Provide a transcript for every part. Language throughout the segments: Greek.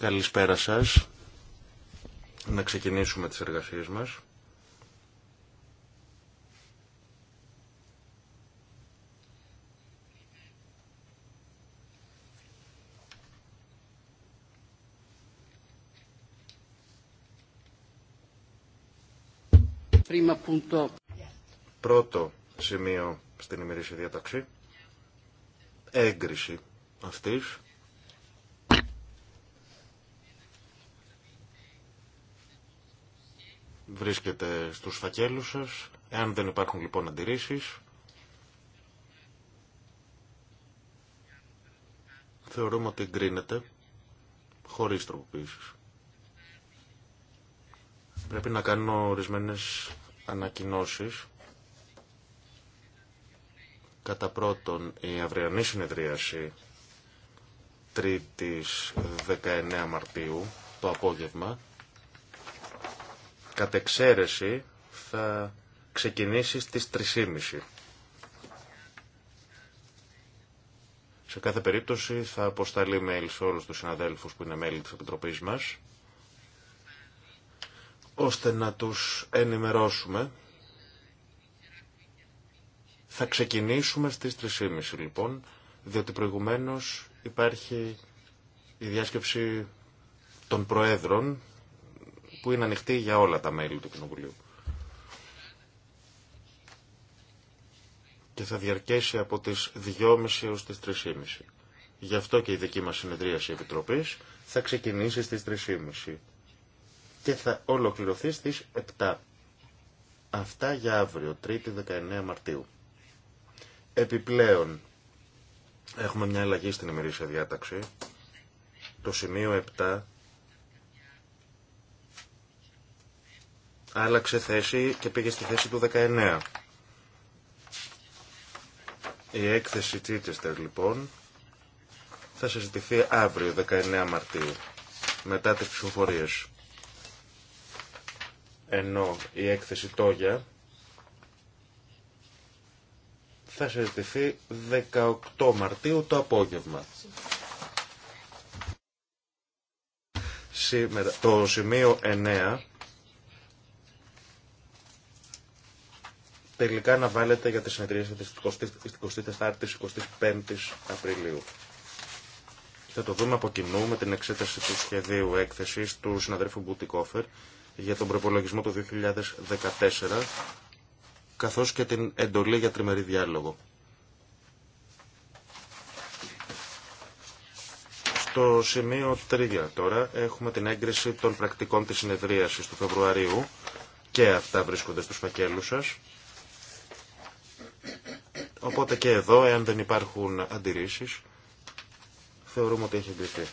Καλησπέρα σας. Να ξεκινήσουμε τις εργασίες μας. Πρώτο σημείο στην ημερήσια διαταξή έγκριση αυτής. Βρίσκεται στους φακέλους σας. Εάν δεν υπάρχουν λοιπόν αντιρρήσεις, θεωρούμε ότι εγκρίνεται χωρίς τροποποίησης. Πρέπει να κάνω ορισμένες ανακοινώσεις. Κατά πρώτον, η αυριανή συνεδρίαση 3ης 19 Μαρτίου το απόγευμα κατ' εξαίρεση θα ξεκινήσει στις 3.30. Σε κάθε περίπτωση θα αποσταλεί mail σε όλους τους συναδέλφους που είναι μέλη της Επιτροπής μας, ώστε να τους ενημερώσουμε θα ξεκινήσουμε στις 3.30 λοιπόν, διότι προηγουμένως υπάρχει η διάσκεψη των Προέδρων που είναι ανοιχτή για όλα τα μέλη του Κοινοβουλίου. Και θα διαρκέσει από τις 2.30 έως τις 3.30. Γι' αυτό και η δική μας συνεδρίαση Επιτροπής θα ξεκινήσει στις 3.30 και θα ολοκληρωθεί στις 7. Αυτά για αύριο, 3η 19 Μαρτίου. Επιπλέον, έχουμε μια αλλαγή στην ημερήσια διάταξη. Το σημείο 7 άλλαξε θέση και πήγε στη θέση του 19. Η έκθεση Τσίτσεστερ λοιπόν θα συζητηθεί αύριο 19 Μαρτίου μετά τις ψηφοφορίες. Ενώ η έκθεση Τόγια θα συζητηθεί 18 Μαρτίου το απόγευμα. Σήμερα, το σημείο 9 τελικά αναβάλλεται για τις συνεδρίες της 24ης 25ης Απριλίου. Θα το δούμε από κοινού με την εξέταση του σχεδίου έκθεσης του συναδέλφου Μπουτικόφερ για τον προπολογισμό του 2014 καθώς και την εντολή για τριμερή διάλογο. Στο σημείο 3 τώρα έχουμε την έγκριση των πρακτικών της συνεδρίασης του Φεβρουαρίου και αυτά βρίσκονται στους φακέλους σας. Οπότε και εδώ, εάν δεν υπάρχουν αντιρρήσεις, θεωρούμε ότι έχει εγκριθεί.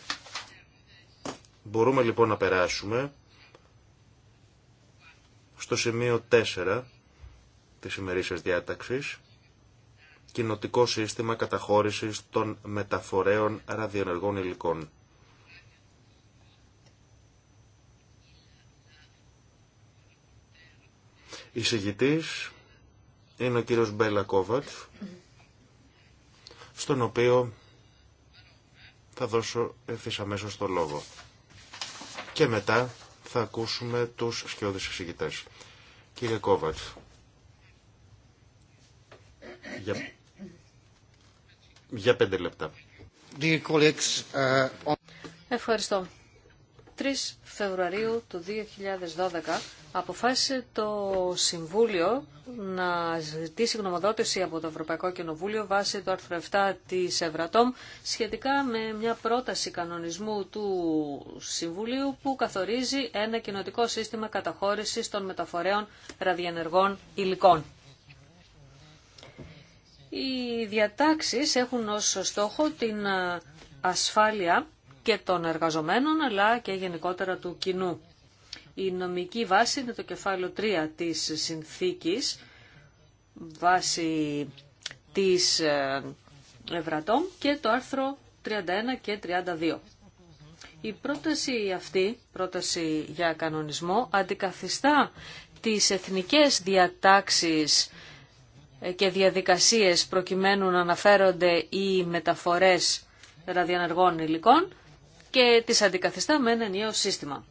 Μπορούμε λοιπόν να περάσουμε στο σημείο 4 της ημερήσιας διάταξης κοινοτικό σύστημα καταχώρησης των μεταφορέων ραδιενεργών υλικών. Εισηγητής είναι ο κύριος Μπέλα Κόβατ, στον οποίο θα δώσω ευθύς αμέσως το λόγο. Και μετά θα ακούσουμε τους σκιώδεις εισηγητές. Κύριε Κόβατ, για, πέντε λεπτά. Uh, Ευχαριστώ. 3 Φεβρουαρίου του 2012 αποφάσισε το Συμβούλιο να ζητήσει γνωμοδότηση από το Ευρωπαϊκό Κοινοβούλιο βάσει του άρθρου 7 της Ευρατόμ σχετικά με μια πρόταση κανονισμού του Συμβουλίου που καθορίζει ένα κοινοτικό σύστημα καταχώρησης των μεταφορέων ραδιενεργών υλικών. Οι διατάξεις έχουν ως στόχο την ε, ασφάλεια και των εργαζομένων αλλά και γενικότερα του κοινού. Η νομική βάση είναι το κεφάλαιο 3 της συνθήκης βάση της ε, Ευρατόμ και το άρθρο 31 και 32. Η πρόταση αυτή, πρόταση για κανονισμό, αντικαθιστά τις εθνικές διατάξεις και διαδικασίες προκειμένου να αναφέρονται οι μεταφορές ραδιενεργών υλικών και τις αντικαθιστά με ένα νέο σύστημα.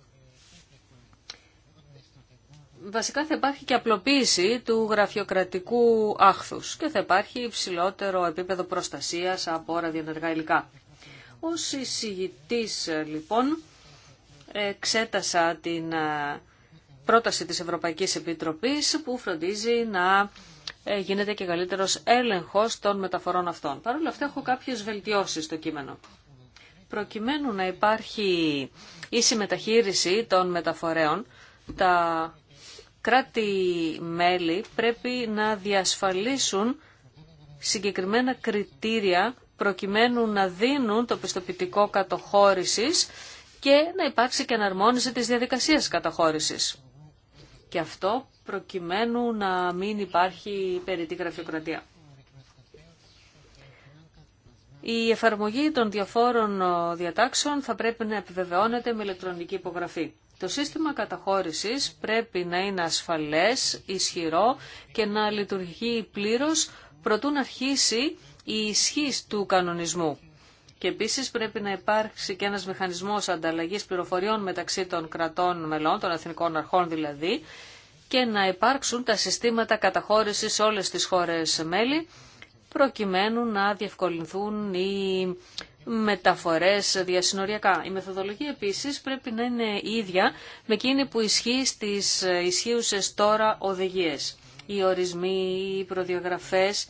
Βασικά θα υπάρχει και απλοποίηση του γραφειοκρατικού άχθους και θα υπάρχει υψηλότερο επίπεδο προστασίας από ραδιενεργά υλικά. Ως εισηγητής λοιπόν εξέτασα την ε, πρόταση της Ευρωπαϊκής Επιτροπής που φροντίζει να ε, γίνεται και καλύτερος έλεγχο των μεταφορών αυτών. Παρ' όλα αυτά έχω κάποιες βελτιώσεις στο κείμενο. Προκειμένου να υπάρχει ίση μεταχείριση των μεταφορέων, τα κράτη-μέλη πρέπει να διασφαλίσουν συγκεκριμένα κριτήρια προκειμένου να δίνουν το πιστοποιητικό κατοχώρησης και να υπάρξει και αναρμόνιση της διαδικασίας καταχώρησης. Και αυτό προκειμένου να μην υπάρχει περιττή γραφειοκρατία. Η εφαρμογή των διαφόρων διατάξεων θα πρέπει να επιβεβαιώνεται με ηλεκτρονική υπογραφή. Το σύστημα καταχώρησης πρέπει να είναι ασφαλές, ισχυρό και να λειτουργεί πλήρως προτού να αρχίσει η ισχύ του κανονισμού. Και επίσης πρέπει να υπάρξει και ένας μηχανισμός ανταλλαγής πληροφοριών μεταξύ των κρατών μελών, των εθνικών αρχών δηλαδή, και να υπάρξουν τα συστήματα καταχώρησης σε όλες τις χώρες μέλη, προκειμένου να διευκολυνθούν οι μεταφορές διασυνοριακά. Η μεθοδολογία επίσης πρέπει να είναι ίδια με εκείνη που ισχύει στι ισχύουσε τώρα οδηγίε. Οι ορισμοί, οι προδιαγραφές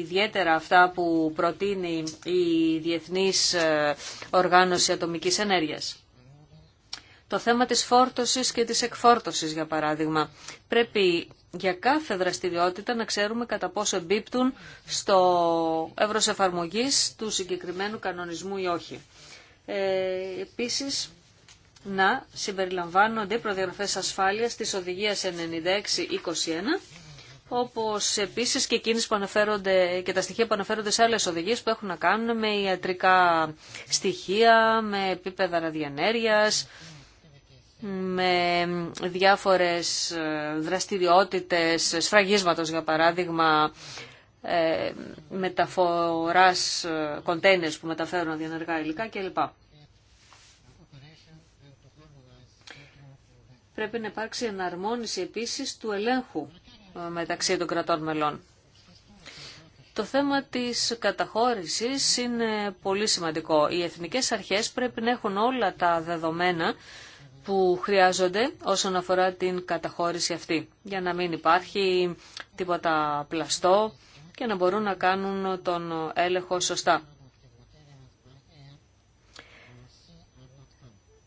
ιδιαίτερα αυτά που προτείνει η Διεθνής ε, Οργάνωση Ατομικής Ενέργειας. Το θέμα της φόρτωσης και της εκφόρτωσης, για παράδειγμα. Πρέπει για κάθε δραστηριότητα να ξέρουμε κατά πόσο εμπίπτουν στο εύρος εφαρμογής του συγκεκριμένου κανονισμού ή όχι. Ε, επίσης, να συμπεριλαμβάνονται προδιαγραφές ασφάλειας της οδηγίας Όπω επίσης και εκείνες που αναφέρονται και τα στοιχεία που αναφέρονται σε άλλε οδηγίε που έχουν να κάνουν με ιατρικά στοιχεία, με επίπεδα ραδιενέργειας, με διάφορες ε, δραστηριότητες, σφραγίσματος για παράδειγμα, ε, μεταφοράς ε, κοντέινερς που μεταφέρουν αδιανεργά υλικά κλπ. Πρέπει να υπάρξει εναρμόνιση επίσης του ελέγχου μεταξύ των κρατών μελών. Το θέμα της καταχώρησης είναι πολύ σημαντικό. Οι εθνικές αρχές πρέπει να έχουν όλα τα δεδομένα που χρειάζονται όσον αφορά την καταχώρηση αυτή, για να μην υπάρχει τίποτα πλαστό και να μπορούν να κάνουν τον έλεγχο σωστά.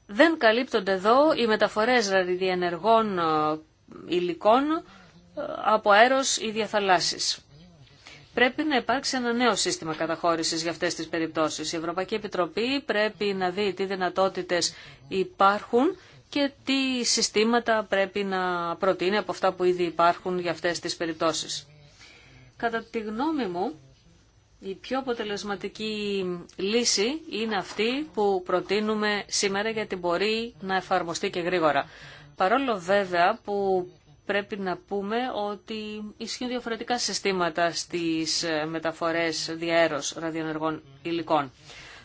Δεν καλύπτονται εδώ οι μεταφορές ραδιενεργών δηλαδή, υλικών από αέρος ή διαθαλάσσεις. Πρέπει να υπάρξει ένα νέο σύστημα καταχώρησης για αυτές τις περιπτώσεις. Η διαθαλασσης πρεπει να υπαρξει ενα νεο Επιτροπή πρέπει να δει τι δυνατότητες υπάρχουν και τι συστήματα πρέπει να προτείνει από αυτά που ήδη υπάρχουν για αυτές τις περιπτώσεις. Κατά τη γνώμη μου, η πιο αποτελεσματική λύση είναι αυτή που προτείνουμε σήμερα γιατί μπορεί να εφαρμοστεί και γρήγορα. Παρόλο βέβαια που πρέπει να πούμε ότι ισχύουν διαφορετικά συστήματα στις μεταφορές διαέρος ραδιονεργών υλικών.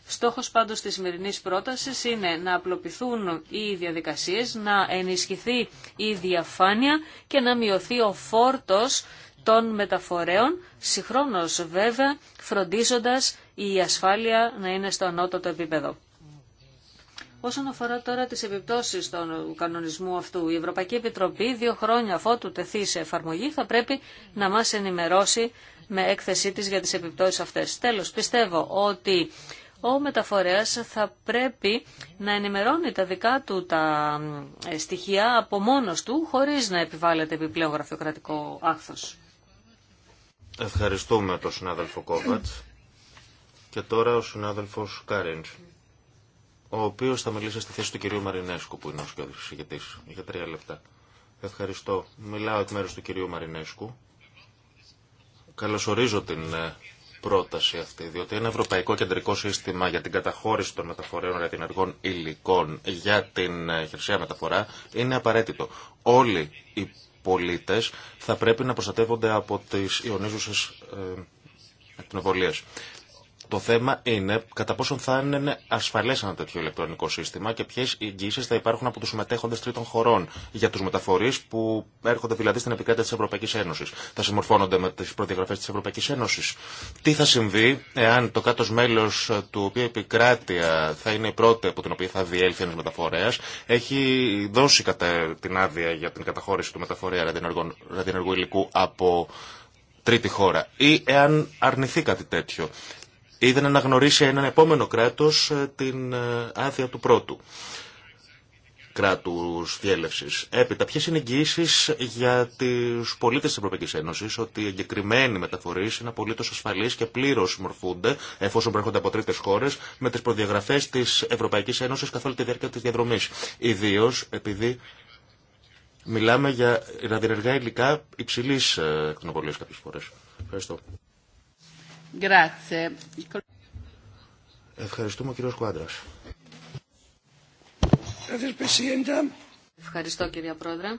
Στόχος πάντως της σημερινής πρότασης είναι να απλοποιηθούν οι διαδικασίες, να ενισχυθεί η διαφάνεια και να μειωθεί ο φόρτος των μεταφορέων, συγχρόνως βέβαια φροντίζοντας η ασφάλεια να είναι στο ανώτατο επίπεδο. Όσον αφορά τώρα τις επιπτώσεις του κανονισμού αυτού, η Ευρωπαϊκή Επιτροπή δύο χρόνια αφότου τεθεί σε εφαρμογή θα πρέπει να μας ενημερώσει με έκθεσή της για τις επιπτώσεις αυτές. Τέλος, πιστεύω ότι ο μεταφορέας θα πρέπει να ενημερώνει τα δικά του τα ε, στοιχεία από μόνος του, χωρίς να επιβάλλεται επιπλέον γραφειοκρατικό άχθος. Ευχαριστούμε τον συνάδελφο Κόβατς και τώρα ο συνάδελφος Κάριντς ο οποίο θα μιλήσει στη θέση του κυρίου Μαρινέσκου, που είναι ο σκιώδη για τρία λεπτά. Ευχαριστώ. Μιλάω εκ μέρου του κυρίου Μαρινέσκου. Καλωσορίζω την ε, πρόταση αυτή, διότι ένα ευρωπαϊκό κεντρικό σύστημα για την καταχώρηση των μεταφορέων ραδιενεργών υλικών για την ε, χερσαία μεταφορά είναι απαραίτητο. Όλοι οι πολίτε θα πρέπει να προστατεύονται από τι ιονίζουσε ακτινοβολίε. Το θέμα είναι κατά πόσον θα είναι ασφαλέ ένα τέτοιο ηλεκτρονικό σύστημα και ποιε εγγύσει θα υπάρχουν από του συμμετέχοντε τρίτων χωρών για του μεταφορεί που έρχονται δηλαδή στην επικράτεια τη Ευρωπαϊκή Ένωση. Θα συμμορφώνονται με τι προδιαγραφέ τη Ευρωπαϊκή Ένωση. Τι θα συμβεί εάν το κάτω μέλο του οποίου επικράτεια θα είναι η πρώτη από την οποία θα διέλθει ένα μεταφορέα έχει δώσει κατά την άδεια για την καταχώρηση του μεταφορέα ραδιενεργού υλικού από τρίτη χώρα ή εάν αρνηθεί κάτι τέτοιο ή να αναγνωρίσει έναν επόμενο κράτος ε, την ε, άδεια του πρώτου κράτους διέλευση. Έπειτα, ποιε είναι εγγυήσει για του πολίτε τη Ευρωπαϊκή Ένωση ότι οι εγκεκριμένοι μεταφορεί είναι απολύτως ασφαλεί και πλήρω μορφούνται, εφόσον προέρχονται από τρίτες χώρες, με τι προδιαγραφέ τη Ευρωπαϊκή Ένωση καθ' όλη τη διάρκεια τη διαδρομή. Ιδίω επειδή μιλάμε για ραδιενεργά υλικά υψηλή ακτινοβολία ε, κάποιε φορέ. Ευχαριστώ. Ευχαριστούμε κύριο Κουάντρας. Ευχαριστώ κυρία Πρόεδρε.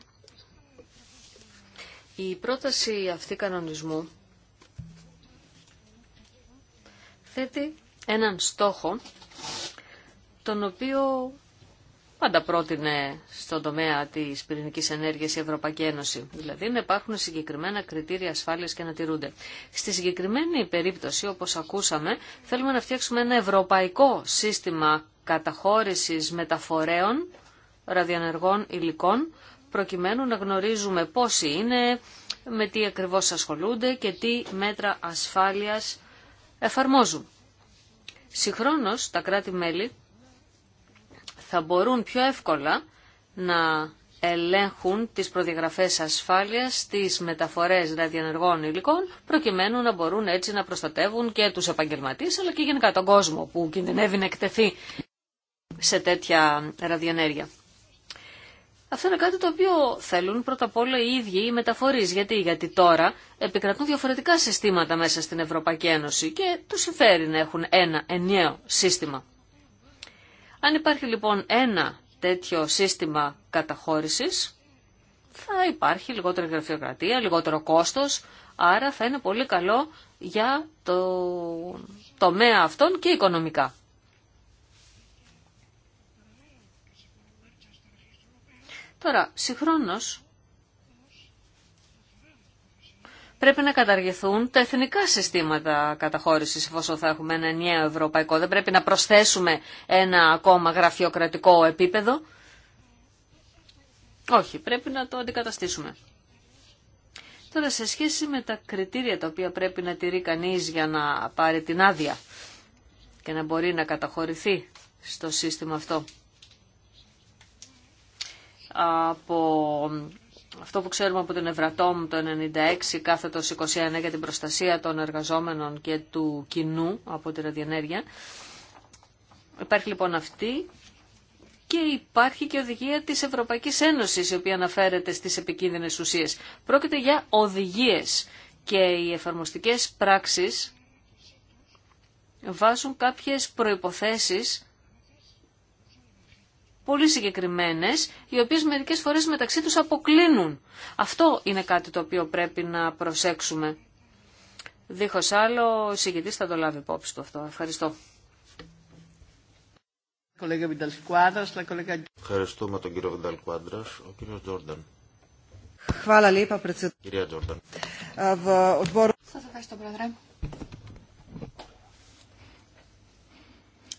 Η πρόταση αυτή κανονισμού θέτει έναν στόχο τον οποίο πάντα πρότεινε στον τομέα της πυρηνικής ενέργειας η Ευρωπαϊκή Ένωση. Δηλαδή να υπάρχουν συγκεκριμένα κριτήρια ασφάλειας και να τηρούνται. Στη συγκεκριμένη περίπτωση, όπως ακούσαμε, θέλουμε να φτιάξουμε ένα ευρωπαϊκό σύστημα καταχώρηση μεταφορέων ραδιενεργών υλικών, προκειμένου να γνωρίζουμε πόσοι είναι, με τι ακριβώς ασχολούνται και τι μέτρα ασφάλειας εφαρμόζουν. Συγχρόνως, τα κράτη-μέλη θα μπορούν πιο εύκολα να ελέγχουν τις προδιαγραφές ασφάλειας στις μεταφορές ραδιενεργών υλικών, προκειμένου να μπορούν έτσι να προστατεύουν και τους επαγγελματίες, αλλά και γενικά τον κόσμο που κινδυνεύει να εκτεθεί σε τέτοια ραδιενέργεια. Αυτό είναι κάτι το οποίο θέλουν πρώτα απ' όλα οι ίδιοι οι μεταφορείς. Γιατί, γιατί τώρα επικρατούν διαφορετικά συστήματα μέσα στην Ευρωπαϊκή Ένωση και τους συμφέρει να έχουν ένα ενιαίο σύστημα. Αν υπάρχει λοιπόν ένα τέτοιο σύστημα καταχώρησης, θα υπάρχει λιγότερη γραφειοκρατία, λιγότερο κόστος, άρα θα είναι πολύ καλό για το τομέα αυτόν και οικονομικά. Τώρα, συγχρόνως, πρέπει να καταργηθούν τα εθνικά συστήματα καταχώρησης εφόσον θα έχουμε ένα νέο ευρωπαϊκό. Δεν πρέπει να προσθέσουμε ένα ακόμα γραφειοκρατικό επίπεδο. Όχι, πρέπει να το αντικαταστήσουμε. Τώρα σε σχέση με τα κριτήρια τα οποία πρέπει να τηρεί κανείς για να πάρει την άδεια και να μπορεί να καταχωρηθεί στο σύστημα αυτό. Από αυτό που ξέρουμε από την Ευρατόμ το 96 κάθετος 29 για την προστασία των εργαζόμενων και του κοινού από τη ραδιενέργεια. Υπάρχει λοιπόν αυτή και υπάρχει και οδηγία της Ευρωπαϊκής Ένωσης η οποία αναφέρεται στις επικίνδυνες ουσίες. Πρόκειται για οδηγίες και οι εφαρμοστικές πράξεις βάζουν κάποιες προϋποθέσεις πολύ συγκεκριμένες, οι οποίες μερικές φορές μεταξύ τους αποκλίνουν. Αυτό είναι κάτι το οποίο πρέπει να προσέξουμε. Δίχως άλλο, ο συγκητής θα το λάβει υπόψη του αυτό. Ευχαριστώ. Ευχαριστούμε τον κύριο ο κύριος Τζόρνταν. Κυρία Τζόρνταν. Ε, Σας ευχαριστώ,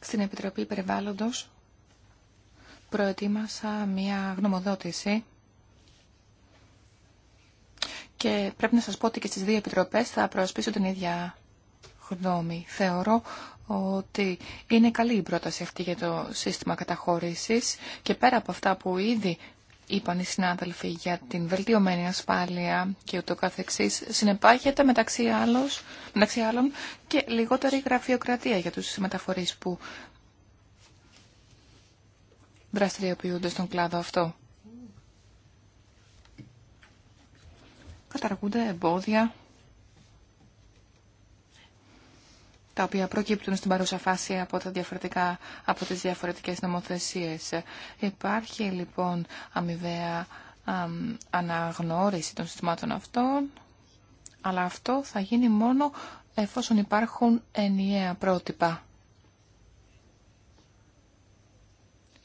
Στην Επιτροπή Περιβάλλοντος προετοίμασα μία γνωμοδότηση και πρέπει να σας πω ότι και στις δύο επιτροπές θα προασπίσω την ίδια γνώμη. Θεωρώ ότι είναι καλή η πρόταση αυτή για το σύστημα καταχώρησης και πέρα από αυτά που ήδη είπαν οι συνάδελφοι για την βελτιωμένη ασφάλεια και ούτω καθεξής, συνεπάγεται μεταξύ, άλλος, μεταξύ άλλων και λιγότερη γραφειοκρατία για τους μεταφορείς που δραστηριοποιούνται στον κλάδο αυτό. Καταργούνται εμπόδια τα οποία προκύπτουν στην παρούσα φάση από, τα διαφορετικά, από τις διαφορετικές νομοθεσίες. Υπάρχει λοιπόν αμοιβαία αναγνώριση των συστημάτων αυτών, αλλά αυτό θα γίνει μόνο εφόσον υπάρχουν ενιαία πρότυπα.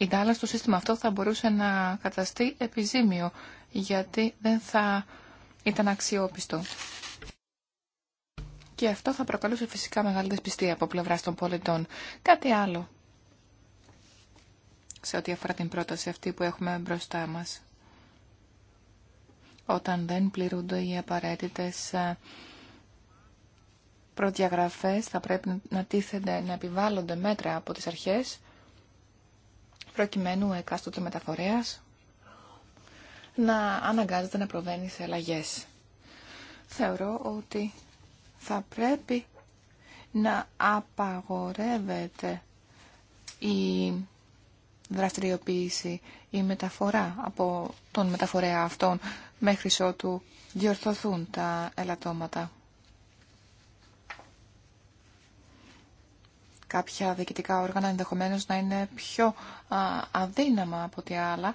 τάλα στο σύστημα αυτό θα μπορούσε να καταστεί επιζήμιο, γιατί δεν θα ήταν αξιόπιστο. Και αυτό θα προκαλούσε φυσικά μεγάλη δυσπιστία από πλευρά των πολιτών. Κάτι άλλο σε ό,τι αφορά την πρόταση αυτή που έχουμε μπροστά μας. Όταν δεν πληρούνται οι απαραίτητες ε, προδιαγραφές θα πρέπει να τίθενται, να επιβάλλονται μέτρα από τις αρχές προκειμένου ο εκάστοτε μεταφορέας να αναγκάζεται να προβαίνει σε αλλαγέ. Θεωρώ ότι θα πρέπει να απαγορεύεται η δραστηριοποίηση, η μεταφορά από τον μεταφορέα αυτόν μέχρι ότου διορθωθούν τα ελαττώματα. κάποια διοικητικά όργανα ενδεχομένως να είναι πιο αδύναμα από ό,τι άλλα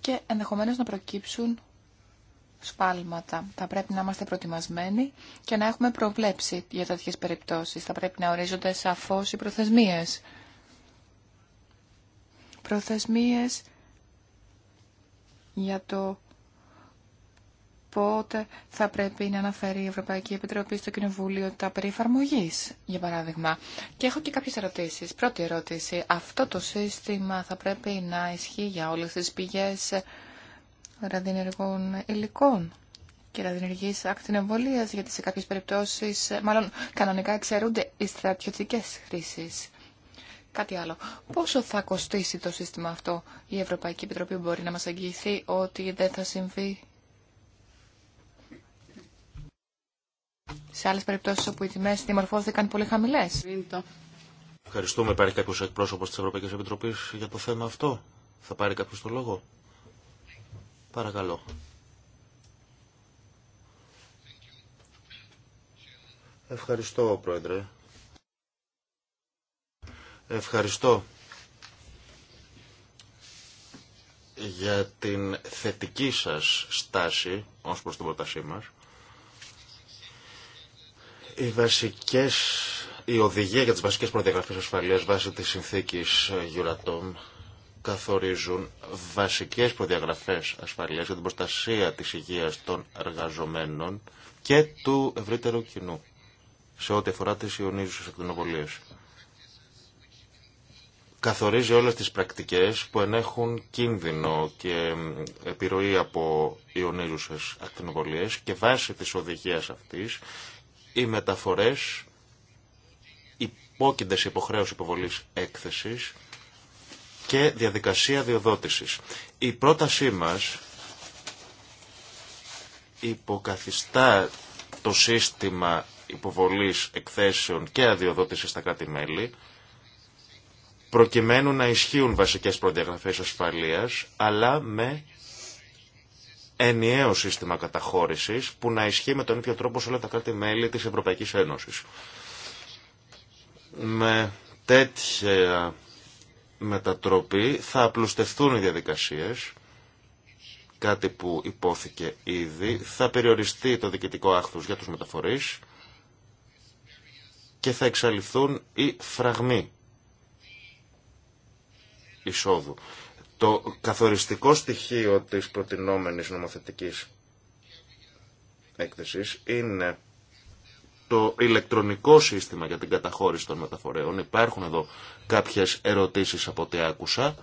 και ενδεχομένως να προκύψουν σπάλματα. Θα πρέπει να είμαστε προετοιμασμένοι και να έχουμε προβλέψει για τέτοιες περιπτώσεις. Θα πρέπει να ορίζονται σαφώς οι προθεσμίες. Προθεσμίες για το πότε θα πρέπει να αναφέρει η Ευρωπαϊκή Επιτροπή στο Κοινοβούλιο τα περί για παράδειγμα. Και έχω και κάποιες ερωτήσεις. Πρώτη ερώτηση, αυτό το σύστημα θα πρέπει να ισχύει για όλες τις πηγές ραδινεργών υλικών και ραδινεργής ακτινοβολίας, γιατί σε κάποιες περιπτώσεις, μάλλον κανονικά εξαιρούνται οι στρατιωτικές χρήσεις. Κάτι άλλο. Πόσο θα κοστίσει το σύστημα αυτό η Ευρωπαϊκή Επιτροπή μπορεί να μας αγγιηθεί ότι δεν θα συμβεί σε άλλες περιπτώσεις όπου οι τιμές δημορφώθηκαν πολύ χαμηλές. Ευχαριστούμε. Υπάρχει κάποιος εκπρόσωπος της Ευρωπαϊκής Επιτροπής για το θέμα αυτό. Θα πάρει κάποιος το λόγο. Παρακαλώ. Ευχαριστώ, Πρόεδρε. Ευχαριστώ για την θετική σας στάση ως προς την πρότασή μας. Οι βασικές, η οδηγία για τις βασικές προδιαγραφές ασφαλείας βάσει της συνθήκης Euratom καθορίζουν βασικές προδιαγραφές ασφαλείας για την προστασία της υγείας των εργαζομένων και του ευρύτερου κοινού σε ό,τι αφορά τις ιονίζουσες ακτινοβολίες. Καθορίζει όλες τις πρακτικές που ενέχουν κίνδυνο και επιρροή από ιονίζουσες ακτινοβολίες και βάσει της οδηγίας αυτής οι μεταφορές υπόκεινται σε υποχρέωση υποβολής έκθεσης και διαδικασία διοδότησης. Η πρότασή μας υποκαθιστά το σύστημα υποβολής εκθέσεων και αδειοδότησης στα κράτη-μέλη, προκειμένου να ισχύουν βασικές προδιαγραφές ασφαλείας, αλλά με ενιαίο σύστημα καταχώρηση που να ισχύει με τον ίδιο τρόπο σε όλα τα κράτη-μέλη της Ευρωπαϊκής Ένωση. Με τέτοια μετατροπή θα απλουστευτούν οι διαδικασίες, κάτι που υπόθηκε ήδη, θα περιοριστεί το διοικητικό άχθος για τους μεταφορείς και θα εξαλειφθούν οι φραγμοί εισόδου το καθοριστικό στοιχείο της προτινόμενης νομοθετικής έκθεσης είναι το ηλεκτρονικό σύστημα για την καταχώρηση των μεταφορέων. Υπάρχουν εδώ κάποιες ερωτήσεις από ό,τι άκουσα.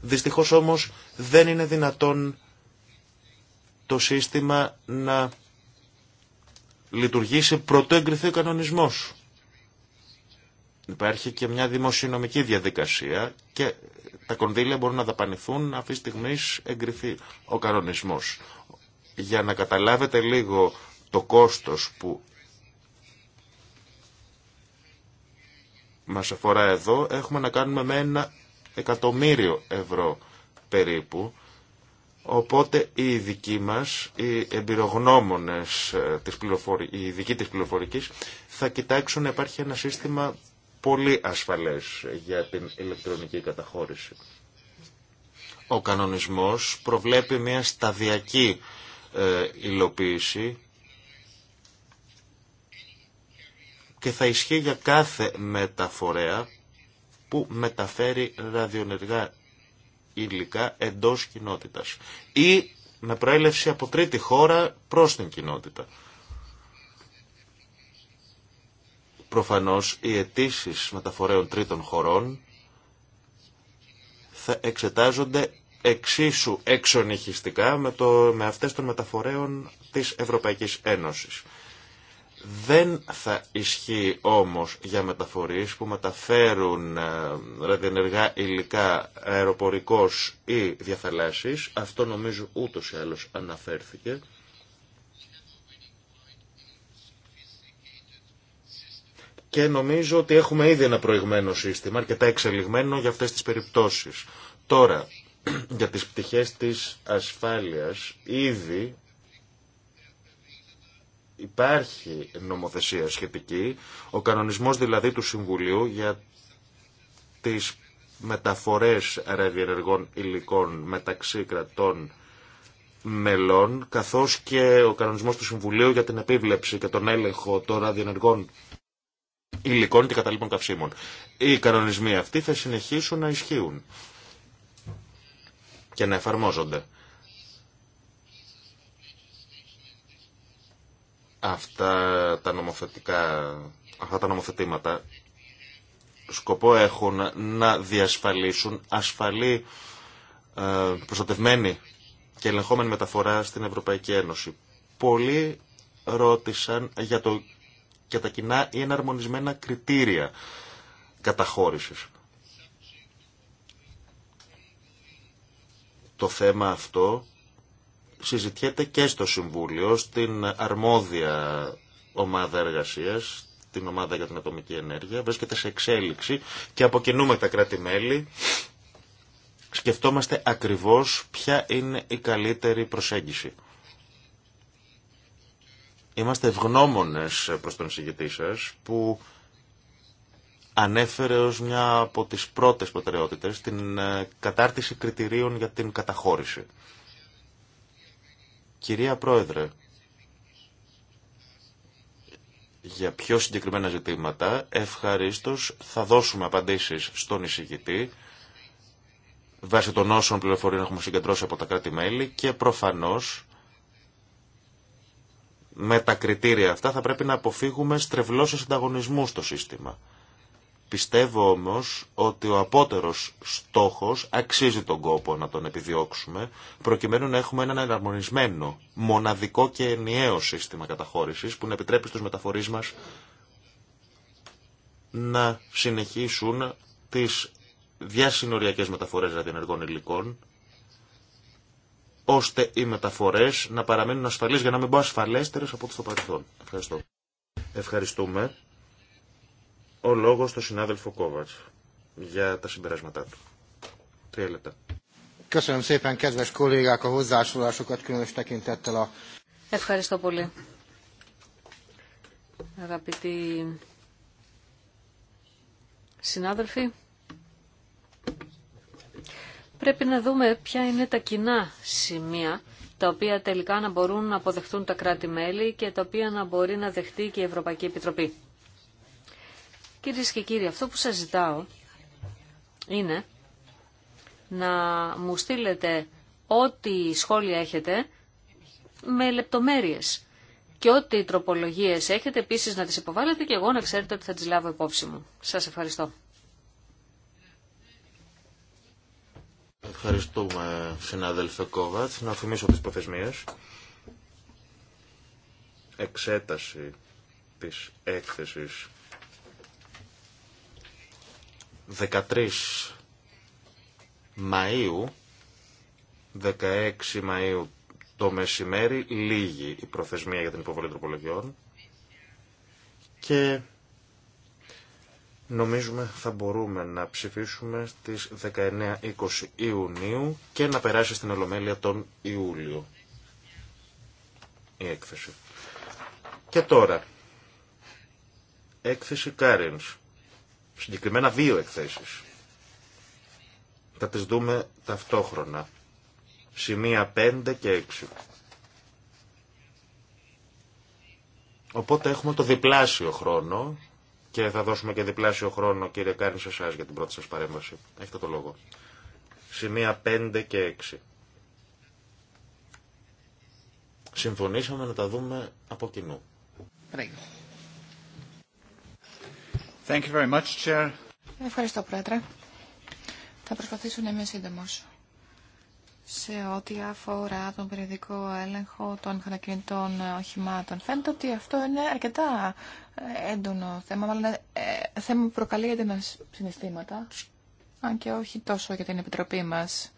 Δυστυχώς όμως δεν είναι δυνατόν το σύστημα να λειτουργήσει πρωτοεγκριθεί εγκριθεί ο κανονισμός. Υπάρχει και μια δημοσιονομική διαδικασία και τα κονδύλια μπορούν να δαπανηθούν αυτή τη στιγμή εγκριθεί ο κανονισμός. Για να καταλάβετε λίγο το κόστος που μας αφορά εδώ, έχουμε να κάνουμε με ένα εκατομμύριο ευρώ περίπου. Οπότε οι ειδικοί μας, οι εμπειρογνώμονες, ε, της οι ειδικοί της πληροφορικής, θα κοιτάξουν να υπάρχει ένα σύστημα πολύ ασφαλές για την ηλεκτρονική καταχώρηση. Ο κανονισμός προβλέπει μια σταδιακή ε, υλοποίηση και θα ισχύει για κάθε μεταφορέα που μεταφέρει ραδιονεργά υλικά εντός κοινότητας ή με προέλευση από τρίτη χώρα προς την κοινότητα. Προφανώς οι αιτήσει μεταφορέων τρίτων χωρών θα εξετάζονται εξίσου εξονυχιστικά με, το, με αυτές των μεταφορέων της Ευρωπαϊκής Ένωσης. Δεν θα ισχύει όμως για μεταφορείς που μεταφέρουν ε, ραδιενεργά υλικά αεροπορικός ή διαθαλάσσης. Αυτό νομίζω ούτως ή άλλως αναφέρθηκε. και νομίζω ότι έχουμε ήδη ένα προηγμένο σύστημα, αρκετά εξελιγμένο για αυτές τις περιπτώσεις. Τώρα, για τις πτυχές της ασφάλειας, ήδη υπάρχει νομοθεσία σχετική, ο κανονισμός δηλαδή του Συμβουλίου για τις μεταφορές ραδιενεργών υλικών μεταξύ κρατών μελών, καθώς και ο κανονισμός του Συμβουλίου για την επίβλεψη και τον έλεγχο των ραδιενεργών υλικών και καταλήπων καυσίμων. Οι κανονισμοί αυτοί θα συνεχίσουν να ισχύουν και να εφαρμόζονται. Αυτά τα νομοθετικά, αυτά τα νομοθετήματα σκοπό έχουν να διασφαλίσουν ασφαλή ε, προστατευμένη και ελεγχόμενη μεταφορά στην Ευρωπαϊκή Ένωση. Πολλοί ρώτησαν για το και τα κοινά ή εναρμονισμένα κριτήρια καταχώρησης. Το θέμα αυτό συζητιέται και στο Συμβούλιο, στην αρμόδια ομάδα εργασίας, την ομάδα για την ατομική ενέργεια, βρίσκεται σε εξέλιξη και αποκινούμε τα κράτη-μέλη. Σκεφτόμαστε ακριβώς ποια είναι η καλύτερη προσέγγιση. Είμαστε ευγνώμονες προς τον εισηγητή σας που ανέφερε ως μια από τις πρώτες προτεραιότητες την ε, κατάρτιση κριτηρίων για την καταχώρηση. Κυρία Πρόεδρε, για πιο συγκεκριμένα ζητήματα, ευχαρίστως θα δώσουμε απαντήσεις στον εισηγητή βάσει των όσων πληροφοριών έχουμε συγκεντρώσει από τα κράτη-μέλη και προφανώς με τα κριτήρια αυτά θα πρέπει να αποφύγουμε στρεβλώσεις ανταγωνισμού στο σύστημα. Πιστεύω όμως ότι ο απότερος στόχος αξίζει τον κόπο να τον επιδιώξουμε προκειμένου να έχουμε έναν εναρμονισμένο, μοναδικό και ενιαίο σύστημα καταχώρησης που να επιτρέπει στους μεταφορείς μας να συνεχίσουν τις διασυνοριακές μεταφορές ραδιενεργών υλικών ώστε οι μεταφορέ να παραμένουν ασφαλείς για να μην πω ασφαλέστερε από ό,τι στο παρελθόν. Ευχαριστώ. Ευχαριστούμε. Ο λόγο στον συνάδελφο Κόβατ για τα συμπεράσματά του. Τρία λεπτά. Ευχαριστώ πολύ. Αγαπητοί συνάδελφοι, πρέπει να δούμε ποια είναι τα κοινά σημεία τα οποία τελικά να μπορούν να αποδεχτούν τα κράτη-μέλη και τα οποία να μπορεί να δεχτεί και η Ευρωπαϊκή Επιτροπή. Κυρίε και κύριοι, αυτό που σας ζητάω είναι να μου στείλετε ό,τι σχόλια έχετε με λεπτομέρειες και ό,τι τροπολογίες έχετε επίσης να τις υποβάλλετε και εγώ να ξέρετε ότι θα τις λάβω υπόψη μου. Σας ευχαριστώ. Ευχαριστούμε, συνάδελφε Κόβατ. Να θυμίσω τις προθεσμίες. Εξέταση της έκθεσης 13 Μαΐου 16 Μαΐου το μεσημέρι λίγη η προθεσμία για την υποβολή τροπολογιών και Νομίζουμε θα μπορούμε να ψηφίσουμε στις 19-20 Ιουνίου και να περάσει στην Ολομέλεια τον Ιούλιο η έκθεση. Και τώρα, έκθεση Κάρινς. Συγκεκριμένα δύο εκθέσεις. Θα τις δούμε ταυτόχρονα. Σημεία 5 και 6. Οπότε έχουμε το διπλάσιο χρόνο και θα δώσουμε και διπλάσιο χρόνο, κύριε Κάριν, σε εσά για την πρώτη σα παρέμβαση. Έχετε το λόγο. Σημεία 5 και 6. Συμφωνήσαμε να τα δούμε από κοινού. Thank you very much, Chair. Ευχαριστώ, Πρόεδρε. Θα προσπαθήσω να είμαι σύντομο σε ό,τι αφορά τον περιοδικό έλεγχο των χαρακτηριτών οχημάτων. Φαίνεται ότι αυτό είναι αρκετά ε, έντονο θέμα, μάλλον ε, θέμα που προκαλεί έντονα συναισθήματα, αν και όχι τόσο για την Επιτροπή μας.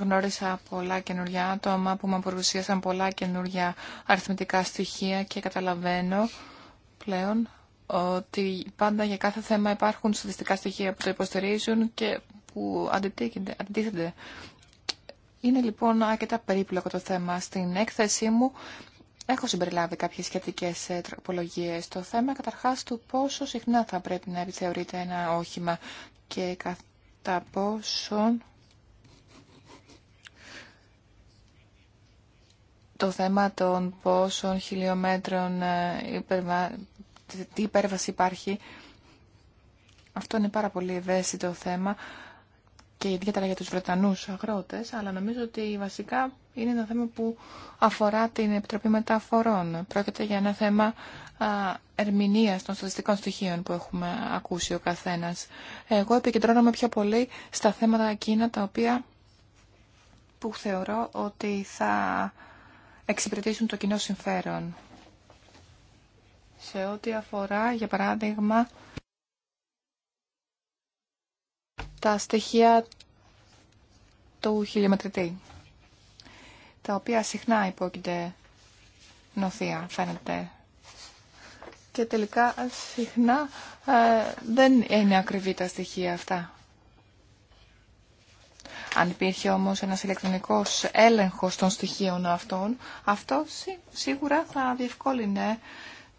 Γνώρισα πολλά καινούργια άτομα που μου απορουσίασαν πολλά καινούργια αριθμητικά στοιχεία και καταλαβαίνω πλέον ότι πάντα για κάθε θέμα υπάρχουν στατιστικά στοιχεία που το υποστηρίζουν και που αντιτίθενται είναι λοιπόν αρκετά περίπλοκο το θέμα. Στην έκθεσή μου έχω συμπεριλάβει κάποιες σχετικές ε, τροπολογίε Το θέμα καταρχάς του πόσο συχνά θα πρέπει να επιθεωρείται ένα όχημα και κατά πόσον το θέμα των πόσων χιλιόμετρων ε, τι υπέρβαση υπάρχει. Αυτό είναι πάρα πολύ ευαίσθητο θέμα και ιδιαίτερα για τους Βρετανούς αγρότες, αλλά νομίζω ότι βασικά είναι ένα θέμα που αφορά την Επιτροπή Μεταφορών. Πρόκειται για ένα θέμα α, ερμηνείας των στατιστικών στοιχείων που έχουμε ακούσει ο καθένας. Εγώ επικεντρώνομαι πιο πολύ στα θέματα εκείνα τα οποία που θεωρώ ότι θα εξυπηρετήσουν το κοινό συμφέρον. Σε ό,τι αφορά, για παράδειγμα, τα στοιχεία του χιλιομετρητή, τα οποία συχνά υπόκειται νοθεία, φαίνεται. Και τελικά συχνά ε, δεν είναι ακριβή τα στοιχεία αυτά. Αν υπήρχε όμως ένας ηλεκτρονικός έλεγχος των στοιχείων αυτών, αυτό σίγουρα θα διευκόλυνε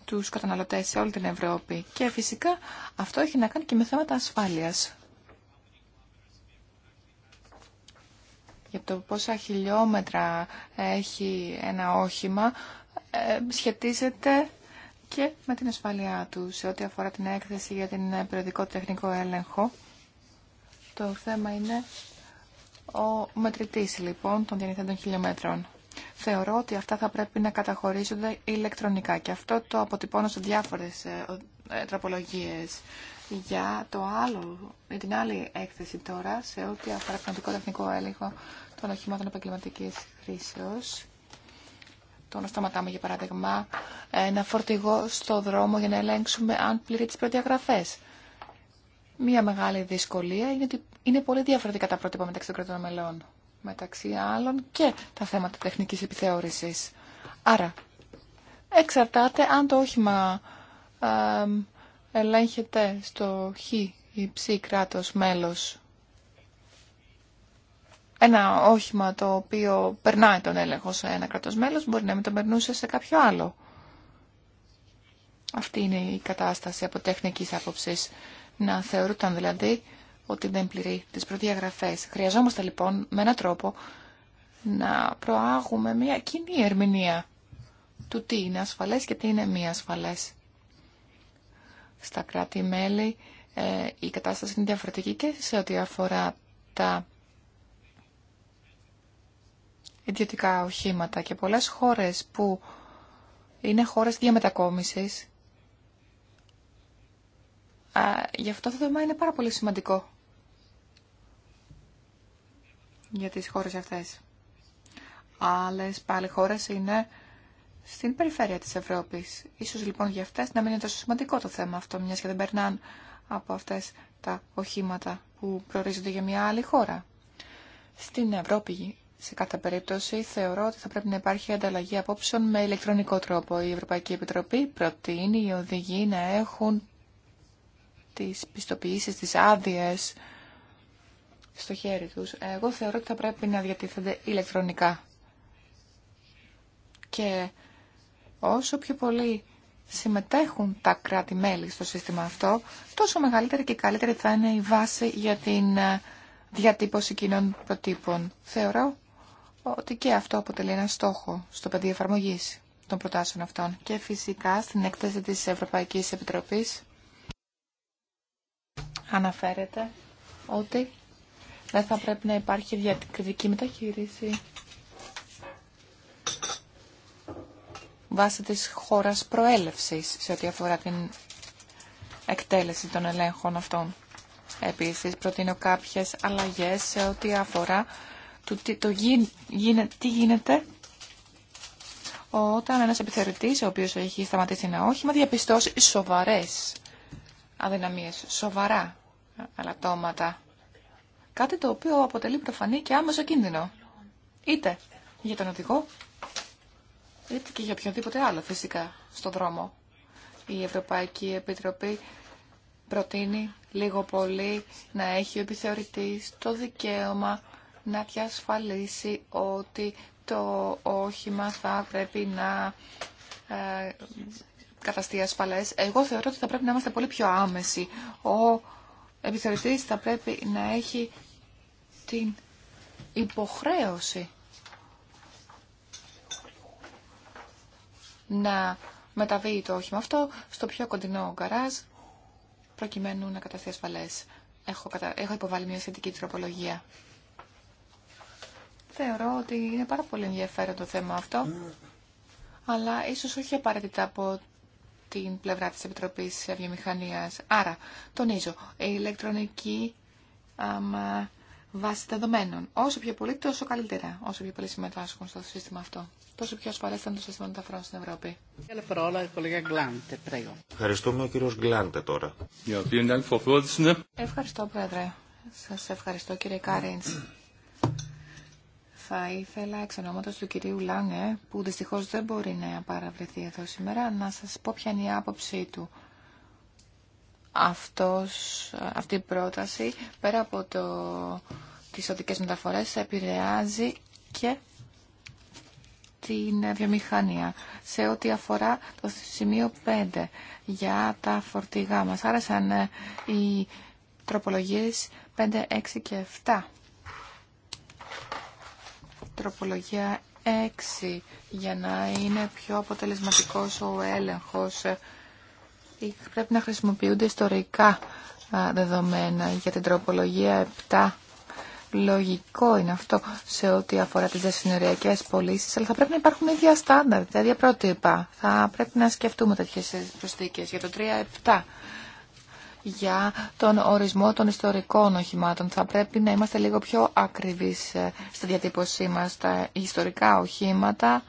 τους καταναλωτές σε όλη την Ευρώπη. Και φυσικά αυτό έχει να κάνει και με θέματα ασφάλειας. το πόσα χιλιόμετρα έχει ένα όχημα ε, σχετίζεται και με την ασφάλειά του σε ό,τι αφορά την έκθεση για την περιοδικό τεχνικό έλεγχο. Το θέμα είναι ο μετρητής λοιπόν των διανυθέντων χιλιόμετρων. Θεωρώ ότι αυτά θα πρέπει να καταχωρίζονται ηλεκτρονικά και αυτό το αποτυπώνω σε διάφορες ε, ε, τραπολογίες. Για το άλλο, την άλλη έκθεση τώρα, σε ό,τι αφορά το τεχνικό έλεγχο των οχημάτων επαγγελματική χρήσεω. Το να σταματάμε, για παράδειγμα, ένα φορτηγό στο δρόμο για να ελέγξουμε αν πληρεί τι προδιαγραφέ. Μία μεγάλη δυσκολία είναι ότι είναι πολύ διαφορετικά τα πρότυπα μεταξύ των κρατών μελών. Μεταξύ άλλων και τα θέματα τεχνικής επιθεώρησης. Άρα, εξαρτάται αν το όχημα ελέγχεται στο χ ή ψ κράτο μέλο ένα όχημα το οποίο περνάει τον έλεγχο σε ένα κρατός μέλος μπορεί να μην το περνούσε σε κάποιο άλλο. Αυτή είναι η κατάσταση από τεχνικής άποψης. Να θεωρούταν δηλαδή ότι δεν πληρεί τις προδιαγραφές. Χρειαζόμαστε λοιπόν με έναν τρόπο να προάγουμε μια κοινή ερμηνεία του τι είναι ασφαλές και τι είναι μη ασφαλές. Στα κράτη-μέλη ε, η κατάσταση είναι διαφορετική και σε ό,τι αφορά τα ιδιωτικά οχήματα και πολλές χώρες που είναι χώρες διαμετακόμισης. Α, γι' αυτό το θέμα είναι πάρα πολύ σημαντικό για τις χώρες αυτές. Άλλε πάλι χώρες είναι στην περιφέρεια της Ευρώπης. Ίσως λοιπόν για αυτές να μην είναι τόσο σημαντικό το θέμα αυτό, μιας και δεν περνάνε από αυτές τα οχήματα που προορίζονται για μια άλλη χώρα. Στην Ευρώπη σε κάθε περίπτωση θεωρώ ότι θα πρέπει να υπάρχει ανταλλαγή απόψεων με ηλεκτρονικό τρόπο. Η Ευρωπαϊκή Επιτροπή προτείνει οι οδηγοί να έχουν τις πιστοποιήσεις, τις άδειε στο χέρι τους. Εγώ θεωρώ ότι θα πρέπει να διατίθενται ηλεκτρονικά. Και όσο πιο πολύ συμμετέχουν τα κράτη-μέλη στο σύστημα αυτό, τόσο μεγαλύτερη και καλύτερη θα είναι η βάση για την ε, διατύπωση κοινών προτύπων. Θεωρώ ότι και αυτό αποτελεί ένα στόχο στο πεδίο εφαρμογή των προτάσεων αυτών. Και φυσικά στην έκθεση της Ευρωπαϊκής Επιτροπής αναφέρεται ότι δεν θα πρέπει να υπάρχει διακριτική μεταχείριση βάσει της χώρας προέλευσης σε ό,τι αφορά την εκτέλεση των ελέγχων αυτών. Επίσης, προτείνω κάποιες αλλαγές σε ό,τι αφορά τι, το γίνεται, τι γίνεται όταν ένας επιθεωρητής, ο οποίος έχει σταματήσει ένα όχημα, διαπιστώσει σοβαρές αδυναμίες, σοβαρά αλατώματα. Κάτι το οποίο αποτελεί προφανή και άμεσο κίνδυνο. Είτε για τον οδηγό, είτε και για οποιονδήποτε άλλο φυσικά στον δρόμο. Η Ευρωπαϊκή Επιτροπή προτείνει λίγο πολύ να έχει ο επιθεωρητής το δικαίωμα να διασφαλίσει ότι το όχημα θα πρέπει να ε, καταστεί ασφαλές. Εγώ θεωρώ ότι θα πρέπει να είμαστε πολύ πιο άμεσοι. Ο επιθεωρητής θα πρέπει να έχει την υποχρέωση να μεταβεί το όχημα αυτό στο πιο κοντινό γκαράζ προκειμένου να καταστεί ασφαλές. Έχω, κατα... Έχω υποβάλει μια σχετική τροπολογία θεωρώ ότι είναι πάρα πολύ ενδιαφέρον το θέμα αυτό, αλλά ίσως όχι απαραίτητα από την πλευρά της Επιτροπής Βιομηχανίας. Άρα, τονίζω, η ηλεκτρονική βάση δεδομένων. Όσο πιο πολύ, τόσο καλύτερα. Όσο πιο πολύ συμμετάσχουν στο σύστημα αυτό. Τόσο πιο ασφαλές θα είναι το σύστημα ταφρών στην Ευρώπη. Ευχαριστούμε ο κύριος Γκλάντε τώρα. Ευχαριστώ, Πρόεδρε. Σας ευχαριστώ, κύριε Κάριντς. Θα ήθελα εξ ονόματο του κυρίου Λάνε, που δυστυχώς δεν μπορεί να παραβρεθεί εδώ σήμερα, να σας πω ποια είναι η άποψή του. Αυτός, αυτή η πρόταση, πέρα από το, τις οδικές μεταφορές, επηρεάζει και την βιομηχανία σε ό,τι αφορά το σημείο 5 για τα φορτηγά μα. Άρασαν ε, οι τροπολογίες 5, 6 και 7 τροπολογία 6 για να είναι πιο αποτελεσματικός ο έλεγχος. Ε, πρέπει να χρησιμοποιούνται ιστορικά δεδομένα για την τροπολογία 7. Λογικό είναι αυτό σε ό,τι αφορά τις δεσυνοριακές πωλήσει, αλλά θα πρέπει να υπάρχουν ίδια στάνταρ, τα ίδια πρότυπα. Θα πρέπει να σκεφτούμε τέτοιες προσθήκες για το 3-7 για τον ορισμό των ιστορικών οχημάτων. Θα πρέπει να είμαστε λίγο πιο ακριβείς ε, στη διατύπωσή μας. Τα ιστορικά οχήματα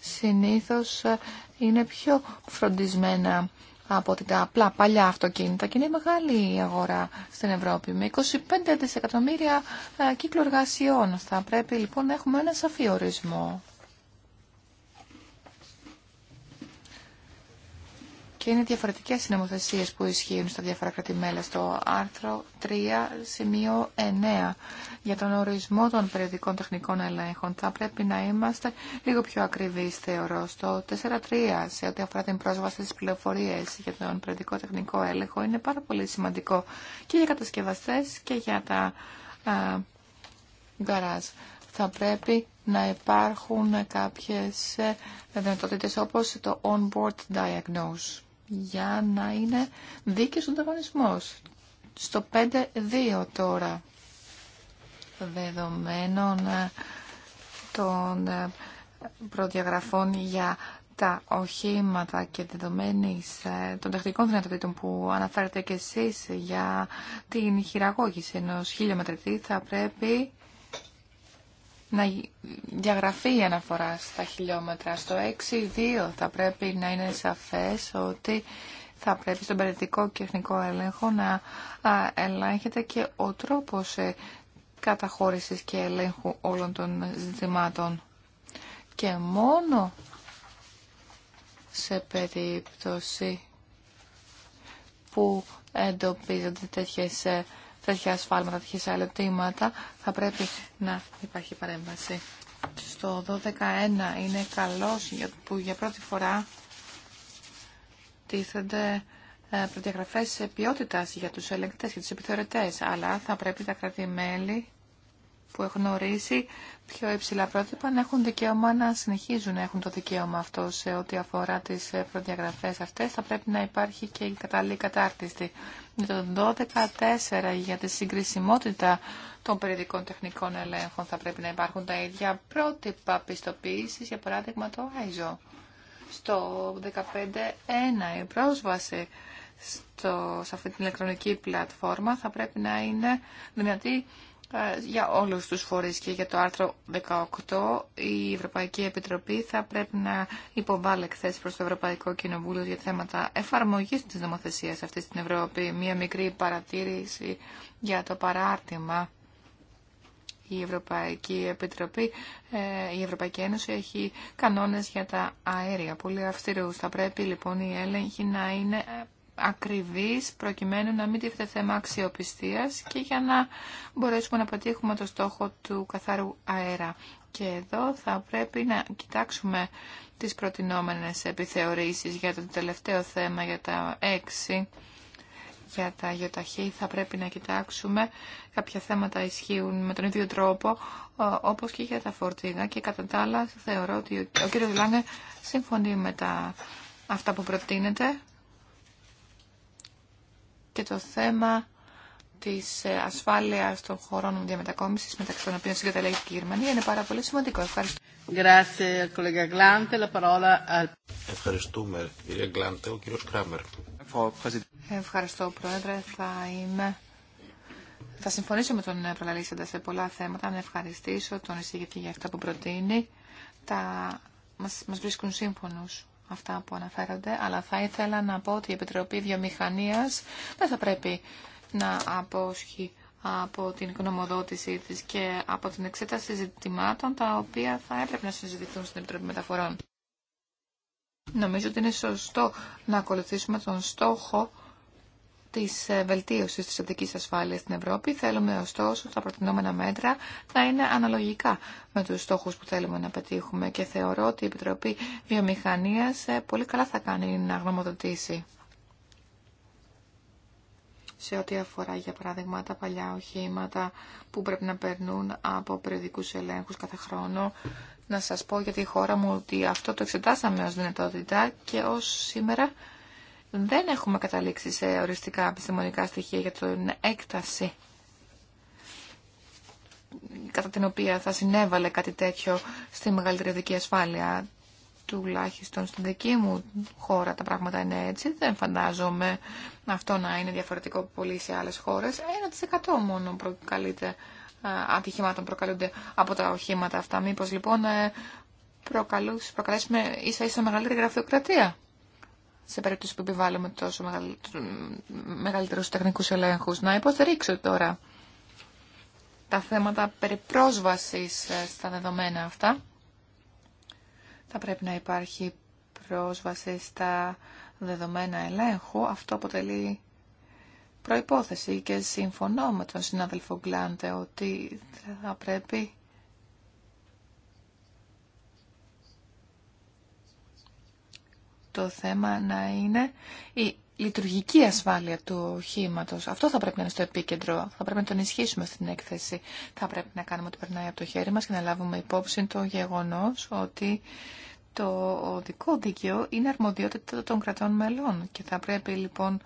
συνήθως ε, είναι πιο φροντισμένα από τα απλά παλιά αυτοκίνητα και είναι μεγάλη η αγορά στην Ευρώπη με 25 δισεκατομμύρια ε, κύκλο εργασιών. Θα πρέπει λοιπόν να έχουμε ένα σαφή ορισμό. και είναι οι νομοθεσίε που ισχύουν στα διάφορα κρατημέλα στο άρθρο 3 σημείο 9 για τον ορισμό των περιοδικών τεχνικών ελέγχων. Θα πρέπει να είμαστε λίγο πιο ακριβεί, θεωρώ στο 4-3. σε ό,τι αφορά την πρόσβαση στι πληροφορίε για τον περιοδικό τεχνικό έλεγχο είναι πάρα πολύ σημαντικό και για κατασκευαστέ και για τα α, γκαράζ. Θα πρέπει να υπάρχουν κάποιες ε, δυνατότητες όπως το onboard diagnose για να είναι δίκαιος ο ανταγωνισμός. Στο 5-2 τώρα, δεδομένων ε, των ε, προδιαγραφών για τα οχήματα και δεδομένη ε, των τεχνικών δυνατοτήτων που αναφέρετε και εσείς για την χειραγώγηση ενός χιλιομετρητή θα πρέπει να διαγραφεί η αναφορά στα χιλιόμετρα. Στο 6-2. θα πρέπει να είναι σαφές ότι θα πρέπει στον περιοδικό και εθνικό έλεγχο να ελέγχεται και ο τρόπος ε, καταχώρησης και ελέγχου όλων των ζητημάτων. Και μόνο σε περίπτωση που εντοπίζονται τέτοιες ε, τέτοια ασφάλματα, τέτοια σαλωτήματα, θα πρέπει να υπάρχει παρέμβαση. Στο 12.1 είναι καλός που για πρώτη φορά τίθενται ε, προδιαγραφές ποιότητας για τους ελεγκτές και τους επιθεωρητές, αλλά θα πρέπει τα κρατημέλη που έχουν ορίσει πιο υψηλά πρότυπα να έχουν δικαίωμα να συνεχίζουν να έχουν το δικαίωμα αυτό σε ό,τι αφορά τι ε, προδιαγραφέ αυτέ, Θα πρέπει να υπάρχει και η κατάλληλη κατάρτιστη. Με το 12.4 για τη συγκρισιμότητα των περιοδικών τεχνικών ελέγχων θα πρέπει να υπάρχουν τα ίδια πρότυπα πιστοποίηση, για παράδειγμα το ISO. Στο 15.1 η πρόσβαση στο, σε αυτή την ηλεκτρονική πλατφόρμα θα πρέπει να είναι δυνατή ε, για όλους τους φορείς και για το άρθρο 18 η Ευρωπαϊκή Επιτροπή θα πρέπει να υποβάλλει εκθέσει προς το Ευρωπαϊκό Κοινοβούλιο για θέματα εφαρμογής της νομοθεσίας αυτή στην Ευρώπη. Μία μικρή παρατήρηση για το παράρτημα. Η Ευρωπαϊκή Επιτροπή, ε, η Ευρωπαϊκή Ένωση έχει κανόνες για τα αέρια, πολύ αυστηρούς. Θα πρέπει λοιπόν η έλεγχη να είναι ακριβείς προκειμένου να μην τίθεται θέμα αξιοπιστίας και για να μπορέσουμε να πετύχουμε το στόχο του καθαρού αέρα. Και εδώ θα πρέπει να κοιτάξουμε τις προτινόμενες επιθεωρήσεις για το τελευταίο θέμα για τα έξι, για τα γεωταχή θα πρέπει να κοιτάξουμε. Κάποια θέματα ισχύουν με τον ίδιο τρόπο, όπως και για τα φορτίγα. Και κατά τα άλλα θεωρώ ότι ο κύριος Λάνε συμφωνεί με αυτά που προτείνεται και το θέμα της ε, ασφάλειας των χωρών διαμετακόμισης μεταξύ των οποίων συγκαταλέγει και η Γερμανία είναι πάρα πολύ σημαντικό. Ευχαριστώ. Ευχαριστούμε, κύριε Γκλάντε. Ο κύριος Κράμερ. Ευχαριστώ, Πρόεδρε. Θα είμαι... Θα συμφωνήσω με τον προλαλήσαντα σε πολλά θέματα. Να ευχαριστήσω τον εισηγητή για αυτά που προτείνει. Τα... Μας, βρίσκουν σύμφωνο αυτά που αναφέρονται, αλλά θα ήθελα να πω ότι η Επιτροπή Βιομηχανίας δεν θα πρέπει να απόσχει από την γνωμοδότησή της και από την εξέταση ζητημάτων τα οποία θα έπρεπε να συζητηθούν στην Επιτροπή Μεταφορών. Νομίζω ότι είναι σωστό να ακολουθήσουμε τον στόχο της ε, βελτίωση της οδικής ασφάλειας στην Ευρώπη. Θέλουμε ωστόσο τα προτινόμενα μέτρα να είναι αναλογικά με τους στόχους που θέλουμε να πετύχουμε και θεωρώ ότι η Επιτροπή Βιομηχανίας ε, πολύ καλά θα κάνει να γνωμοδοτήσει. Σε ό,τι αφορά, για παράδειγμα, τα παλιά οχήματα που πρέπει να περνούν από περιοδικούς ελέγχους κάθε χρόνο, να σας πω για τη χώρα μου ότι αυτό το εξετάσαμε ως δυνατότητα και ως σήμερα δεν έχουμε καταλήξει σε οριστικά επιστημονικά στοιχεία για την έκταση κατά την οποία θα συνέβαλε κάτι τέτοιο στη μεγαλύτερη δική ασφάλεια τουλάχιστον στην δική μου χώρα τα πράγματα είναι έτσι. Δεν φαντάζομαι αυτό να είναι διαφορετικό πολύ σε άλλες χώρες. 1% μόνο προκαλείται ατυχημάτων προκαλούνται από τα οχήματα αυτά. Μήπως λοιπόν ε, προκαλέσουμε ίσα ίσα μεγαλύτερη γραφειοκρατία σε περίπτωση που επιβάλλουμε τόσο μεγαλύτερου τεχνικούς ελέγχου. Να υποστηρίξω τώρα τα θέματα περί πρόσβασης ε, στα δεδομένα αυτά. Θα πρέπει να υπάρχει πρόσβαση στα δεδομένα ελέγχου. Αυτό αποτελεί προϋπόθεση και συμφωνώ με τον συνάδελφο Γκλάντε ότι θα πρέπει το θέμα να είναι η λειτουργική ασφάλεια του οχήματο. Αυτό θα πρέπει να είναι στο επίκεντρο. Θα πρέπει να τον ισχύσουμε στην έκθεση. Θα πρέπει να κάνουμε ό,τι περνάει από το χέρι μα και να λάβουμε υπόψη το γεγονό ότι το οδικό δίκαιο είναι αρμοδιότητα των κρατών μελών και θα πρέπει λοιπόν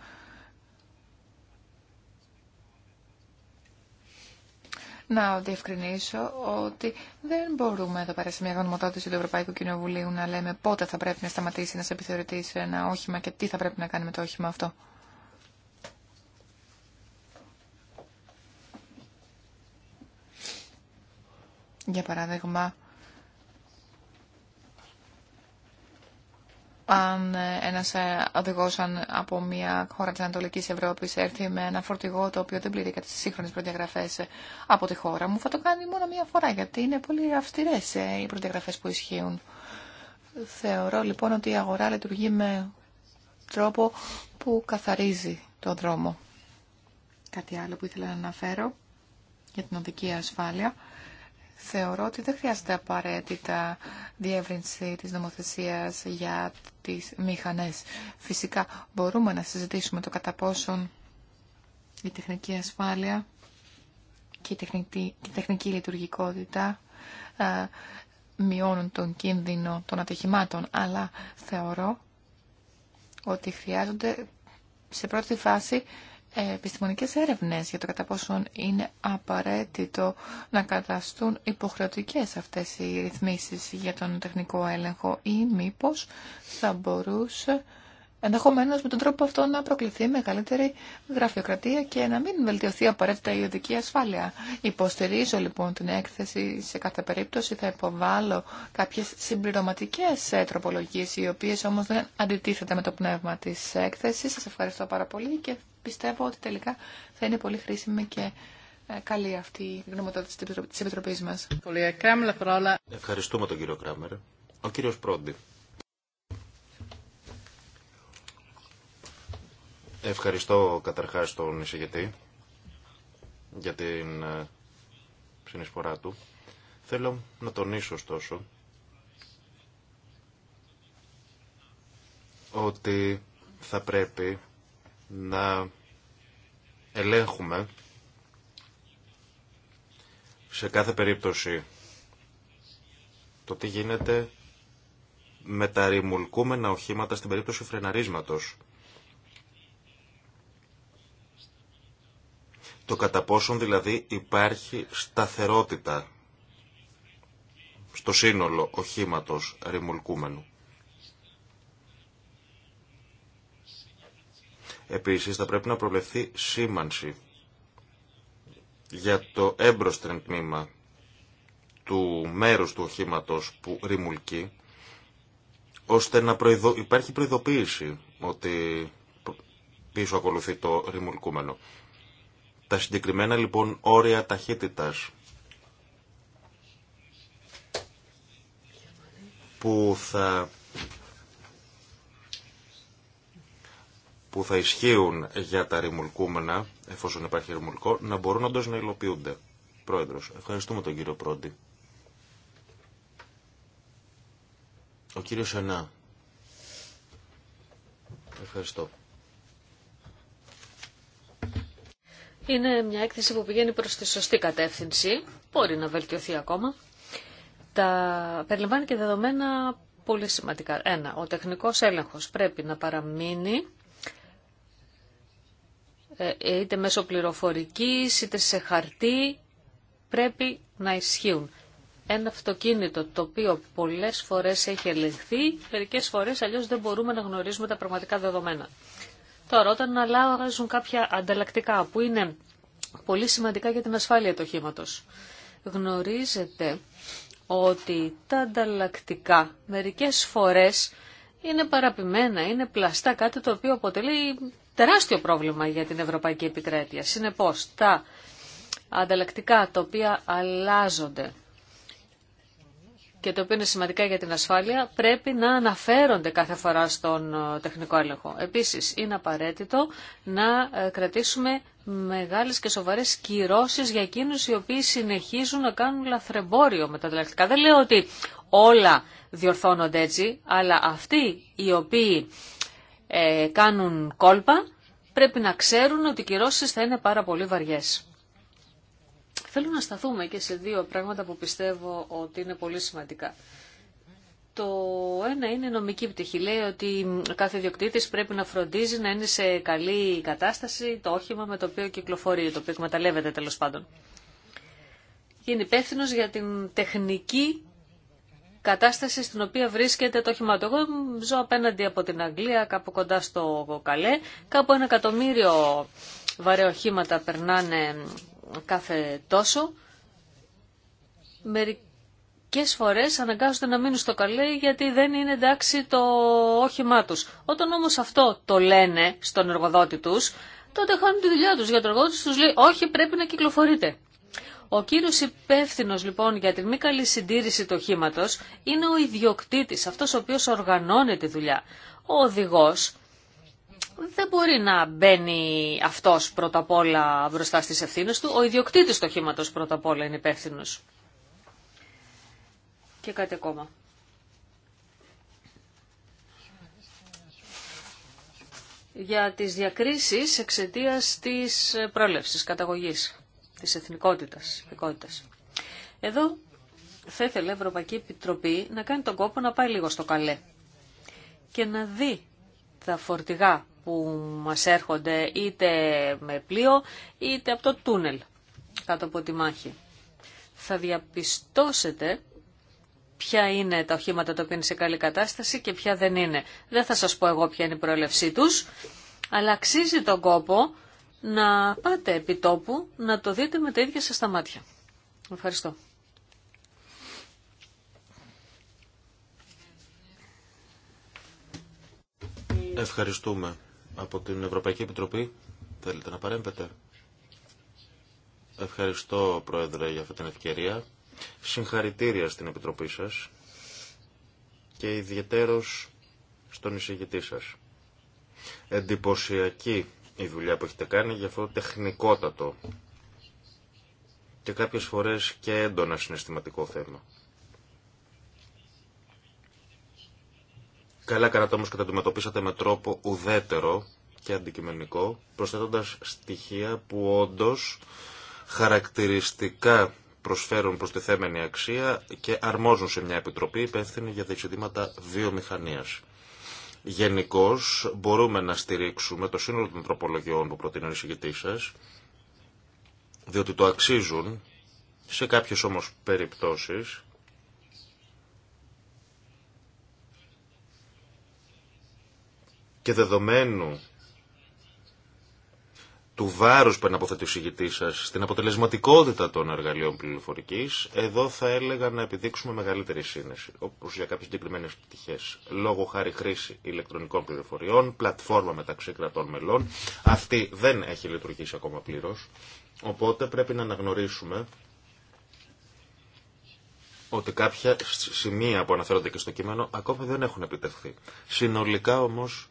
να διευκρινίσω ότι δεν μπορούμε εδώ πέρα σε μια γνωμοδότηση του Ευρωπαϊκού Κοινοβουλίου να λέμε πότε θα πρέπει να σταματήσει να επιθεωρητή σε ένα όχημα και τι θα πρέπει να κάνει με το όχημα αυτό. Για παράδειγμα, αν ε, ένας ε, οδηγό από μια χώρα της Ανατολικής Ευρώπης έρθει με ένα φορτηγό το οποίο δεν πληρεί κατά τις σύγχρονες προδιαγραφές ε, από τη χώρα μου, θα το κάνει μόνο μια φορά γιατί είναι πολύ αυστηρές οι προδιαγραφές που ισχύουν. Θεωρώ λοιπόν ότι η αγορά λειτουργεί με τρόπο που καθαρίζει τον δρόμο. Κάτι άλλο που ήθελα να αναφέρω για την οδική ασφάλεια Θεωρώ ότι δεν χρειάζεται απαραίτητα διεύρυνση της νομοθεσίας για τις μηχανές. Φυσικά μπορούμε να συζητήσουμε το κατά πόσον η τεχνική ασφάλεια και η τεχνική, η τεχνική λειτουργικότητα ε, μειώνουν τον κίνδυνο των ατυχημάτων, αλλά θεωρώ ότι χρειάζονται σε πρώτη φάση επιστημονικές έρευνες για το κατά πόσον είναι απαραίτητο να καταστούν υποχρεωτικές αυτές οι ρυθμίσεις για τον τεχνικό έλεγχο ή μήπως θα μπορούσε ενδεχομένως με τον τρόπο αυτό να προκληθεί μεγαλύτερη γραφειοκρατία και να μην βελτιωθεί απαραίτητα η οδική ασφάλεια. Υποστηρίζω λοιπόν την έκθεση σε κάθε περίπτωση, θα υποβάλω κάποιες συμπληρωματικές ε, τροπολογίες οι οποίες όμως δεν αντιτίθεται με το πνεύμα της έκθεσης. Σας ευχαριστώ πάρα πολύ και πιστεύω ότι τελικά θα είναι πολύ χρήσιμη και ε, καλή αυτή η γνωμοδότηση της Επιτροπής μας. Ευχαριστούμε τον κύριο Κράμερ. Ο κύριος Πρόντι. Ευχαριστώ καταρχάς τον εισηγητή για την ε, συνεισφορά του. Θέλω να τονίσω ωστόσο ότι θα πρέπει να ελέγχουμε σε κάθε περίπτωση το τι γίνεται με τα ρημουλκούμενα οχήματα στην περίπτωση φρεναρίσματος. Το κατά πόσον δηλαδή υπάρχει σταθερότητα στο σύνολο οχήματος ρημουλκούμενου. Επίσης θα πρέπει να προβλεφθεί σήμανση για το έμπροστρεν τμήμα του μέρους του οχήματος που ρημουλκεί, ώστε να υπάρχει προειδοποίηση ότι πίσω ακολουθεί το ρημουλκούμενο. Τα συγκεκριμένα λοιπόν όρια ταχύτητας που θα που θα ισχύουν για τα ρημουλκούμενα, εφόσον υπάρχει ρημουλκό, να μπορούν όντω να υλοποιούνται. Πρόεδρος, ευχαριστούμε τον κύριο Πρόντι. Ο κύριος Ανά. Ευχαριστώ. Είναι μια έκθεση που πηγαίνει προς τη σωστή κατεύθυνση. Μπορεί να βελτιωθεί ακόμα. Τα περιλαμβάνει και δεδομένα πολύ σημαντικά. Ένα, ο τεχνικός έλεγχος πρέπει να παραμείνει ε, είτε μέσω πληροφορικής, είτε σε χαρτί, πρέπει να ισχύουν. Ένα αυτοκίνητο το οποίο πολλές φορές έχει ελεγχθεί, μερικές φορές αλλιώς δεν μπορούμε να γνωρίζουμε τα πραγματικά δεδομένα. Τώρα, όταν αλλάζουν κάποια ανταλλακτικά που είναι πολύ σημαντικά για την ασφάλεια του οχήματος, γνωρίζετε ότι τα ανταλλακτικά μερικές φορές είναι παραπημένα, είναι πλαστά, κάτι το οποίο αποτελεί τεράστιο πρόβλημα για την Ευρωπαϊκή Επικράτεια. Συνεπώς, τα ανταλλακτικά τα οποία αλλάζονται και το οποίο είναι σημαντικά για την ασφάλεια πρέπει να αναφέρονται κάθε φορά στον ε, τεχνικό έλεγχο. Επίσης, είναι απαραίτητο να ε, κρατήσουμε μεγάλες και σοβαρές κυρώσεις για εκείνους οι οποίοι συνεχίζουν να κάνουν λαθρεμπόριο με τα ανταλλακτικά. Δεν λέω ότι όλα διορθώνονται έτσι, αλλά αυτοί οι οποίοι ε, κάνουν κόλπα πρέπει να ξέρουν ότι οι κυρώσεις θα είναι πάρα πολύ βαριές. Θέλω να σταθούμε και σε δύο πράγματα που πιστεύω ότι είναι πολύ σημαντικά. Το ένα είναι νομική πτυχή. Λέει ότι κάθε ιδιοκτήτη πρέπει να φροντίζει να είναι σε καλή κατάσταση το όχημα με το οποίο κυκλοφορεί, το οποίο εκμεταλλεύεται τέλο πάντων. Είναι υπεύθυνο για την τεχνική κατάσταση στην οποία βρίσκεται το όχημα Εγώ ζω απέναντι από την Αγγλία, κάπου κοντά στο Καλέ. Κάπου ένα εκατομμύριο βαρεοχήματα περνάνε κάθε τόσο. Μερικές φορές αναγκάζονται να μείνουν στο Καλέ γιατί δεν είναι εντάξει το όχημά τους. Όταν όμως αυτό το λένε στον εργοδότη τους, τότε χάνουν τη δουλειά τους. Για τον εργοδότη τους λέει όχι πρέπει να κυκλοφορείτε. Ο κύριο υπεύθυνο λοιπόν για την μη καλή συντήρηση του οχήματο είναι ο ιδιοκτήτη, αυτός ο οποίο οργανώνει τη δουλειά. Ο οδηγό δεν μπορεί να μπαίνει αυτός πρώτα απ' όλα μπροστά στι ευθύνε του. Ο ιδιοκτήτη του οχήματο πρώτα απ' όλα είναι υπεύθυνο. Και κάτι ακόμα. για τις διακρίσεις εξαιτίας της πρόλευσης, καταγωγής της εθνικότητας. Εδώ θα ήθελε η Ευρωπαϊκή Επιτροπή να κάνει τον κόπο να πάει λίγο στο καλέ και να δει τα φορτηγά που μας έρχονται είτε με πλοίο είτε από το τούνελ κάτω από τη μάχη. Θα διαπιστώσετε ποια είναι τα οχήματα τα οποία είναι σε καλή κατάσταση και ποια δεν είναι. Δεν θα σας πω εγώ ποια είναι η προέλευσή τους, αλλά αξίζει τον κόπο να πάτε επί τόπου να το δείτε με τα ίδια σας τα μάτια. Ευχαριστώ. Ευχαριστούμε. Από την Ευρωπαϊκή Επιτροπή θέλετε να παρέμβετε. Ευχαριστώ, Πρόεδρε, για αυτή την ευκαιρία. Συγχαρητήρια στην Επιτροπή σας και ιδιαίτερος στον εισηγητή σας. Εντυπωσιακή η δουλειά που έχετε κάνει για αυτό το τεχνικότατο και κάποιες φορές και έντονα συναισθηματικό θέμα. Καλά κάνατε όμως και τα αντιμετωπίσατε με τρόπο ουδέτερο και αντικειμενικό, προσθέτοντας στοιχεία που όντως χαρακτηριστικά προσφέρουν προστιθέμενη αξία και αρμόζουν σε μια επιτροπή υπεύθυνη για τα βιομηχανίας. Γενικώ μπορούμε να στηρίξουμε το σύνολο των τροπολογιών που προτείνει ο εισηγητή σα, διότι το αξίζουν σε κάποιες όμως περιπτώσεις και δεδομένου του βάρους που αναποθέτει ο συγητής σας στην αποτελεσματικότητα των εργαλείων πληροφορικής, εδώ θα έλεγα να επιδείξουμε μεγαλύτερη σύνεση, όπως για κάποιες συγκεκριμένε πτυχές. Λόγω χάρη χρήση ηλεκτρονικών πληροφοριών, πλατφόρμα μεταξύ κρατών μελών, αυτή δεν έχει λειτουργήσει ακόμα πλήρως, οπότε πρέπει να αναγνωρίσουμε ότι κάποια σημεία που αναφέρονται και στο κείμενο ακόμα δεν έχουν επιτευχθεί. Συνολικά όμως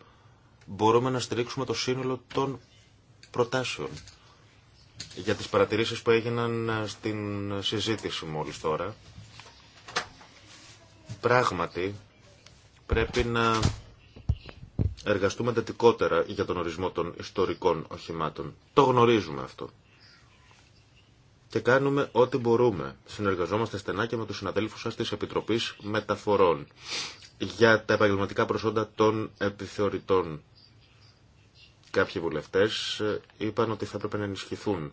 μπορούμε να στηρίξουμε το σύνολο των προτάσεων για τις παρατηρήσεις που έγιναν ε, στην συζήτηση μόλις τώρα. Πράγματι, πρέπει να εργαστούμε εντατικότερα για τον ορισμό των ιστορικών οχημάτων. Το γνωρίζουμε αυτό. Και κάνουμε ό,τι μπορούμε. Συνεργαζόμαστε στενά και με τους συναδέλφους σας της Επιτροπής Μεταφορών για τα επαγγελματικά προσόντα των επιθεωρητών κάποιοι βουλευτές ε, είπαν ότι θα έπρεπε να ενισχυθούν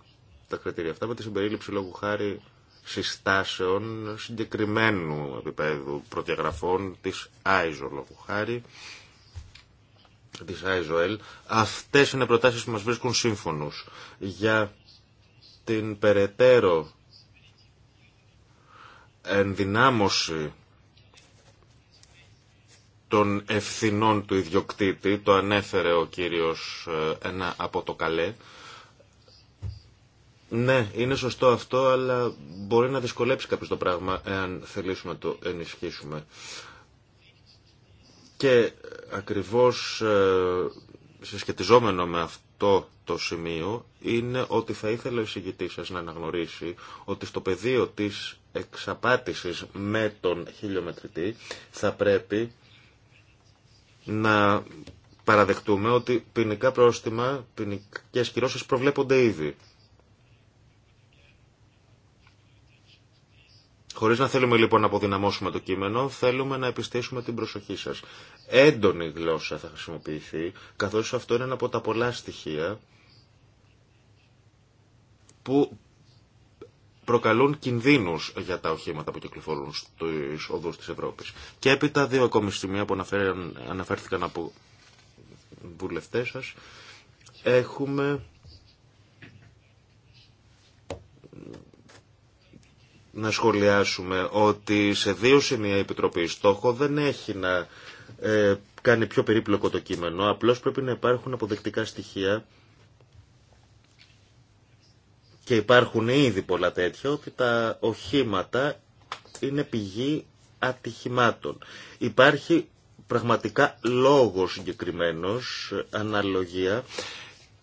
τα κριτήρια αυτά με τη συμπερίληψη λόγου χάρη συστάσεων συγκεκριμένου επίπεδου προδιαγραφών τη ΆΙΖΟ λόγου χάρη της ΆΙΖΟΕΛ. Αυτές είναι προτάσεις που μας βρίσκουν σύμφωνους για την περαιτέρω ενδυνάμωση των ευθυνών του ιδιοκτήτη, το ανέφερε ο κύριος ε, ένα από το καλέ. Ναι, είναι σωστό αυτό, αλλά μπορεί να δυσκολέψει κάποιο το πράγμα εάν θελήσουμε να το ενισχύσουμε. Και ακριβώς ε, συσχετιζόμενο με αυτό το σημείο είναι ότι θα ήθελε ο εισηγητής σας να αναγνωρίσει ότι στο πεδίο της εξαπάτησης με τον χιλιομετρητή θα πρέπει να παραδεχτούμε ότι ποινικά πρόστιμα, ποινικές κυρώσεις προβλέπονται ήδη. Χωρίς να θέλουμε λοιπόν να αποδυναμώσουμε το κείμενο, θέλουμε να επιστήσουμε την προσοχή σας. Έντονη γλώσσα θα χρησιμοποιηθεί, καθώς αυτό είναι ένα από τα πολλά στοιχεία που προκαλούν κινδύνους για τα οχήματα που κυκλοφορούν στους οδούς της Ευρώπης. Και έπειτα δύο ακόμη σημεία που αναφέρθηκαν από βουλευτέ σα, Έχουμε να σχολιάσουμε ότι σε δύο σημεία η Επιτροπή στόχο δεν έχει να ε, κάνει πιο περίπλοκο το κείμενο, απλώς πρέπει να υπάρχουν αποδεκτικά στοιχεία και υπάρχουν ήδη πολλά τέτοια, ότι τα οχήματα είναι πηγή ατυχημάτων. Υπάρχει πραγματικά λόγος συγκεκριμένος, αναλογία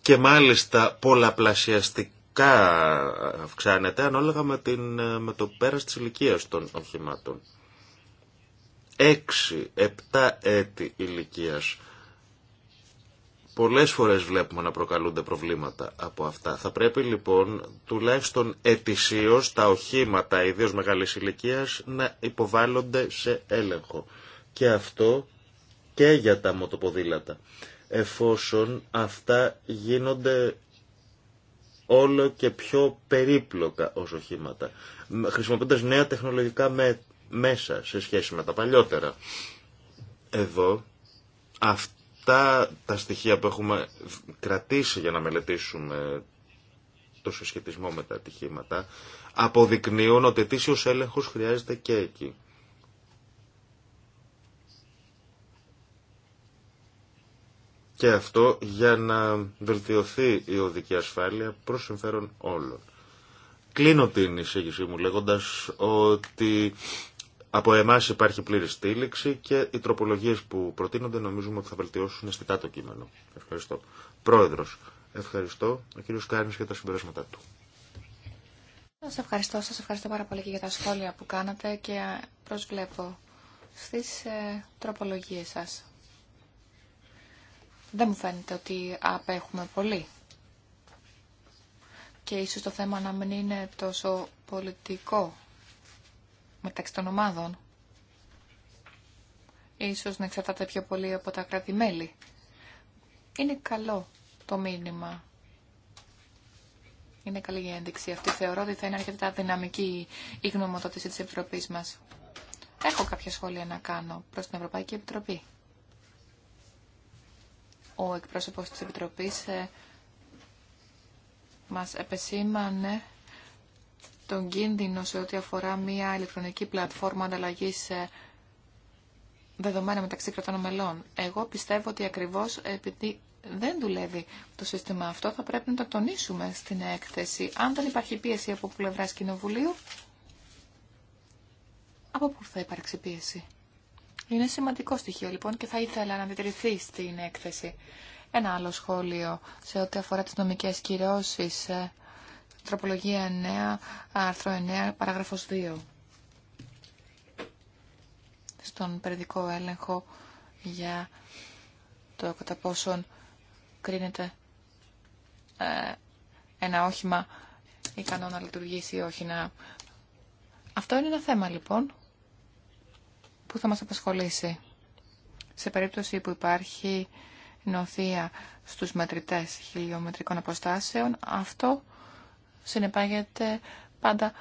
και μάλιστα πολλαπλασιαστικά αυξάνεται ανάλογα με, την, με το πέρας της ηλικία των οχηματων Έξι, επτά έτη ηλικίας πολλές φορές βλέπουμε να προκαλούνται προβλήματα από αυτά. Θα πρέπει λοιπόν τουλάχιστον ετησίως τα οχήματα, ιδίως μεγάλης ηλικία, να υποβάλλονται σε έλεγχο. Και αυτό και για τα μοτοποδήλατα. Εφόσον αυτά γίνονται όλο και πιο περίπλοκα ως οχήματα, χρησιμοποιώντας νέα τεχνολογικά μέσα σε σχέση με τα παλιότερα. Εδώ αυτό τα τα στοιχεία που έχουμε κρατήσει για να μελετήσουμε το συσχετισμό με τα ατυχήματα αποδεικνύουν ότι ετήσιος έλεγχος χρειάζεται και εκεί. Και αυτό για να βελτιωθεί η οδική ασφάλεια προς συμφέρον όλων. Κλείνω την εισήγησή μου λέγοντας ότι από εμά υπάρχει πλήρη στήληξη και οι τροπολογίες που προτείνονται νομίζουμε ότι θα βελτιώσουν αισθητά το κείμενο. Ευχαριστώ. Πρόεδρος, ευχαριστώ. Ο κύριο Κάρνη για τα συμπεράσματά του. Σα ευχαριστώ. Σας ευχαριστώ πάρα πολύ και για τα σχόλια που κάνατε και προσβλέπω στις ε, τροπολογίες σας. Δεν μου φαίνεται ότι απέχουμε πολύ. Και ίσως το θέμα να μην είναι τόσο πολιτικό μεταξύ των ομάδων. Ίσως να εξαρτάται πιο πολύ από τα κράτη-μέλη. Είναι καλό το μήνυμα. Είναι καλή η ένδειξη αυτή. Θεωρώ ότι θα είναι αρκετά δυναμική η γνωμοδότηση της Επιτροπής μας. Έχω κάποια σχόλια να κάνω προς την Ευρωπαϊκή Επιτροπή. Ο εκπρόσωπος της Επιτροπής ε, μας επεσήμανε τον κίνδυνο σε ό,τι αφορά μια ηλεκτρονική πλατφόρμα ανταλλαγή ε, δεδομένα μεταξύ κρατών μελών. Εγώ πιστεύω ότι ακριβώς επειδή δεν δουλεύει το σύστημα αυτό, θα πρέπει να το τονίσουμε στην έκθεση. Αν δεν υπάρχει πίεση από πλευρά Κοινοβουλίου, από πού θα υπάρξει πίεση. Είναι σημαντικό στοιχείο λοιπόν και θα ήθελα να αντιτηρηθεί στην έκθεση. Ένα άλλο σχόλιο σε ό,τι αφορά τις νομικές κυρώσεις. Ε, Τροπολογία 9, άρθρο 9, παράγραφος 2. Στον περιδικό έλεγχο για το κατά πόσον κρίνεται ε, ένα όχημα ικανό να λειτουργήσει ή όχι να... Αυτό είναι ένα θέμα λοιπόν που θα μας απασχολήσει σε περίπτωση που υπάρχει νοθεία στους μετρητές χιλιομετρικών αποστάσεων αυτό συνεπάγεται πάντα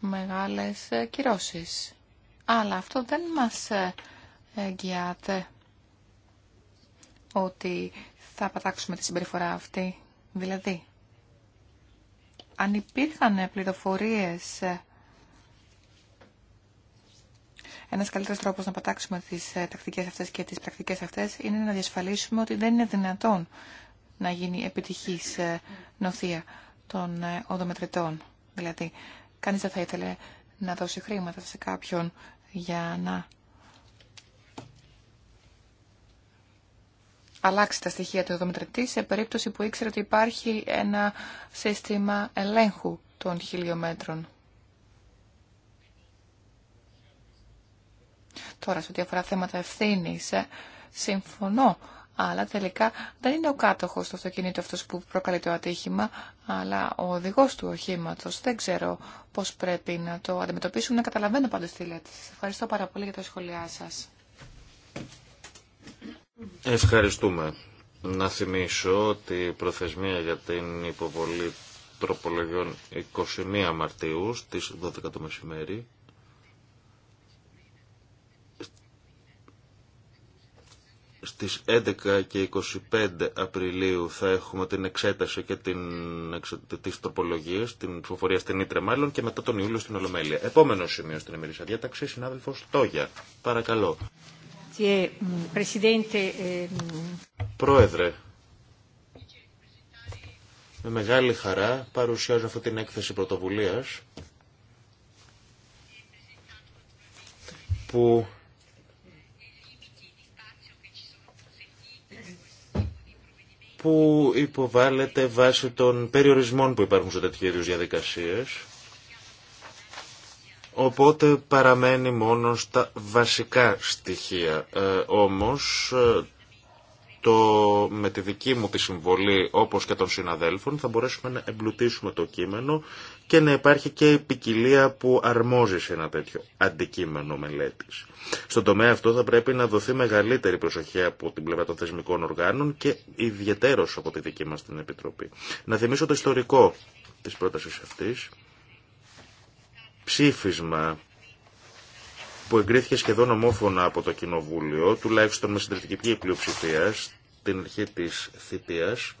μεγάλες κυρώσεις. Αλλά αυτό δεν μας εγγυάται ότι θα πατάξουμε τη συμπεριφορά αυτή. Δηλαδή, αν υπήρχαν πληροφορίες ένα καλύτερο τρόπο να πατάξουμε τι ε, τακτικέ αυτέ και τι πρακτικέ αυτές είναι να διασφαλίσουμε ότι δεν είναι δυνατόν να γίνει επιτυχής ε, νοθεία των ε, οδομετρητών. Δηλαδή, κανείς δεν θα ήθελε να δώσει χρήματα σε κάποιον για να αλλάξει τα στοιχεία του οδομετρητή σε περίπτωση που ήξερε ότι υπάρχει ένα σύστημα ελέγχου των χιλιόμετρων. Τώρα, σε ό,τι αφορά θέματα ευθύνη, ε, συμφωνώ αλλά τελικά δεν είναι ο κάτοχος του αυτοκινήτου αυτός που προκαλεί το ατύχημα, αλλά ο οδηγός του οχήματος. Δεν ξέρω πώς πρέπει να το αντιμετωπίσουμε, να καταλαβαίνω πάντως τι λέτε. ευχαριστώ πάρα πολύ για τα σχόλιά σας. Ευχαριστούμε. Να θυμίσω ότι η προθεσμία για την υποβολή τροπολογιών 21 Μαρτίου στις 12 το μεσημέρι Στις 11 και 25 Απριλίου θα έχουμε την εξέταση και την, της τροπολογίας την ψηφοφορία στην Ήτρε μάλλον και μετά τον Ιούλιο στην Ολομέλεια. Επόμενο σημείο στην ημερήσια διάταξη, συνάδελφος Τόγια. Παρακαλώ. Ε, Πρόεδρε, με μεγάλη χαρά παρουσιάζω αυτή την έκθεση πρωτοβουλίας που που υποβάλλεται βάσει των περιορισμών που υπάρχουν σε τέτοιου διαδικασίε. Οπότε παραμένει μόνο στα βασικά στοιχεία. Ε, όμως, ε, το, με τη δική μου τη συμβολή όπως και των συναδέλφων θα μπορέσουμε να εμπλουτίσουμε το κείμενο και να υπάρχει και η ποικιλία που αρμόζει σε ένα τέτοιο αντικείμενο μελέτης. Στον τομέα αυτό θα πρέπει να δοθεί μεγαλύτερη προσοχή από την πλευρά των θεσμικών οργάνων και ιδιαιτέρως από τη δική μας την Επιτροπή. Να θυμίσω το ιστορικό της πρότασης αυτής. Ψήφισμα που εγκρίθηκε σχεδόν ομόφωνα από το Κοινοβούλιο, τουλάχιστον με συντριπτική πλειοψηφία, στην αρχή της θητείας,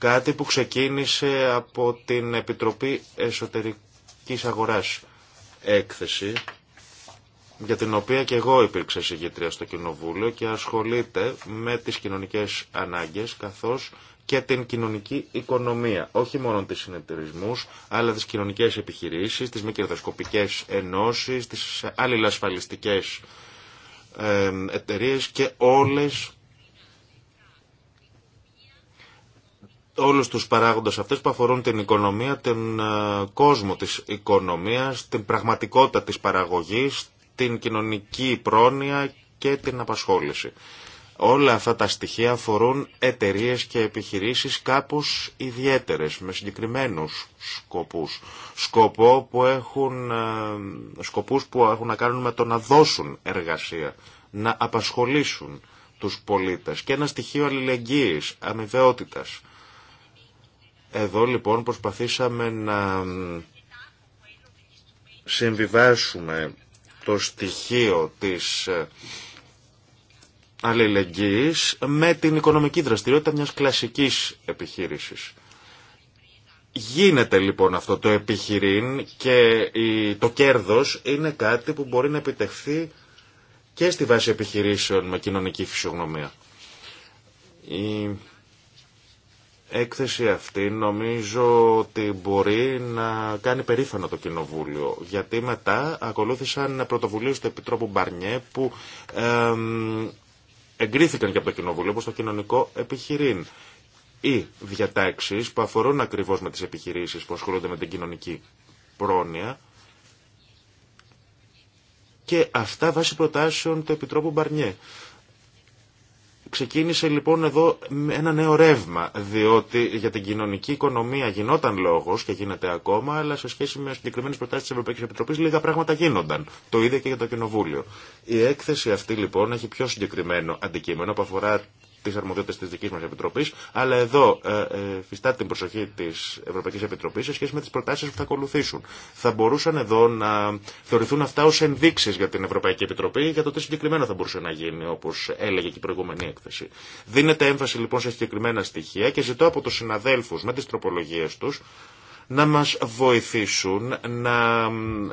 Κάτι που ξεκίνησε από την Επιτροπή Εσωτερικής Αγοράς έκθεση για την οποία και εγώ υπήρξα συγγετρία στο Κοινοβούλιο και ασχολείται με τις κοινωνικές ανάγκες καθώς και την κοινωνική οικονομία. Όχι μόνο τις συνεταιρισμούς, αλλά τις κοινωνικές επιχειρήσεις, τις μη κερδοσκοπικές ενώσεις, τις αλληλασφαλιστικές εταιρείε και όλες όλους τους παράγοντες αυτές που αφορούν την οικονομία, τον ε, κόσμο της οικονομίας, την πραγματικότητα της παραγωγής, την κοινωνική πρόνοια και την απασχόληση. Όλα αυτά τα στοιχεία αφορούν εταιρείε και επιχειρήσεις κάπως ιδιαίτερες, με συγκεκριμένους σκοπούς. Σκοπό που έχουν, ε, σκοπούς που έχουν να κάνουν με το να δώσουν εργασία, να απασχολήσουν τους πολίτες και ένα στοιχείο αλληλεγγύης, αμοιβαιότητας. Εδώ λοιπόν προσπαθήσαμε να συμβιβάσουμε το στοιχείο της ε, αλληλεγγύης με την οικονομική δραστηριότητα μιας κλασικής επιχείρησης. Γίνεται λοιπόν αυτό το επιχειρήν και το κέρδος είναι κάτι που μπορεί να επιτευχθεί και στη βάση επιχειρήσεων με κοινωνική φυσιογνωμία έκθεση αυτή νομίζω ότι μπορεί να κάνει περήφανο το Κοινοβούλιο γιατί μετά ακολούθησαν πρωτοβουλίες του Επιτρόπου Μπαρνιέ που εγκρίθηκαν και από το Κοινοβούλιο όπως το κοινωνικό επιχειρήν ή διατάξεις που αφορούν ακριβώς με τις επιχειρήσεις που ασχολούνται με την κοινωνική πρόνοια και αυτά βάσει προτάσεων του Επιτρόπου Μπαρνιέ. Ξεκίνησε λοιπόν εδώ ένα νέο ρεύμα, διότι για την κοινωνική οικονομία γινόταν λόγο και γίνεται ακόμα, αλλά σε σχέση με συγκεκριμένε προτάσει τη Ευρωπαϊκή Επιτροπή λίγα πράγματα γίνονταν. Το ίδιο και για το Κοινοβούλιο. Η έκθεση αυτή λοιπόν έχει πιο συγκεκριμένο αντικείμενο που αφορά τι αρμοδιότητες τη δική μα επιτροπή, αλλά εδώ ε, ε, φυστά την προσοχή τη Ευρωπαϊκή Επιτροπή σε σχέση με τι προτάσει που θα ακολουθήσουν. Θα μπορούσαν εδώ να θεωρηθούν αυτά ω ενδείξει για την Ευρωπαϊκή Επιτροπή για το τι συγκεκριμένα θα μπορούσε να γίνει, όπω έλεγε και η προηγούμενη έκθεση. Δίνεται έμφαση λοιπόν σε συγκεκριμένα στοιχεία και ζητώ από του συναδέλφου με τι τροπολογίε του να μας βοηθήσουν να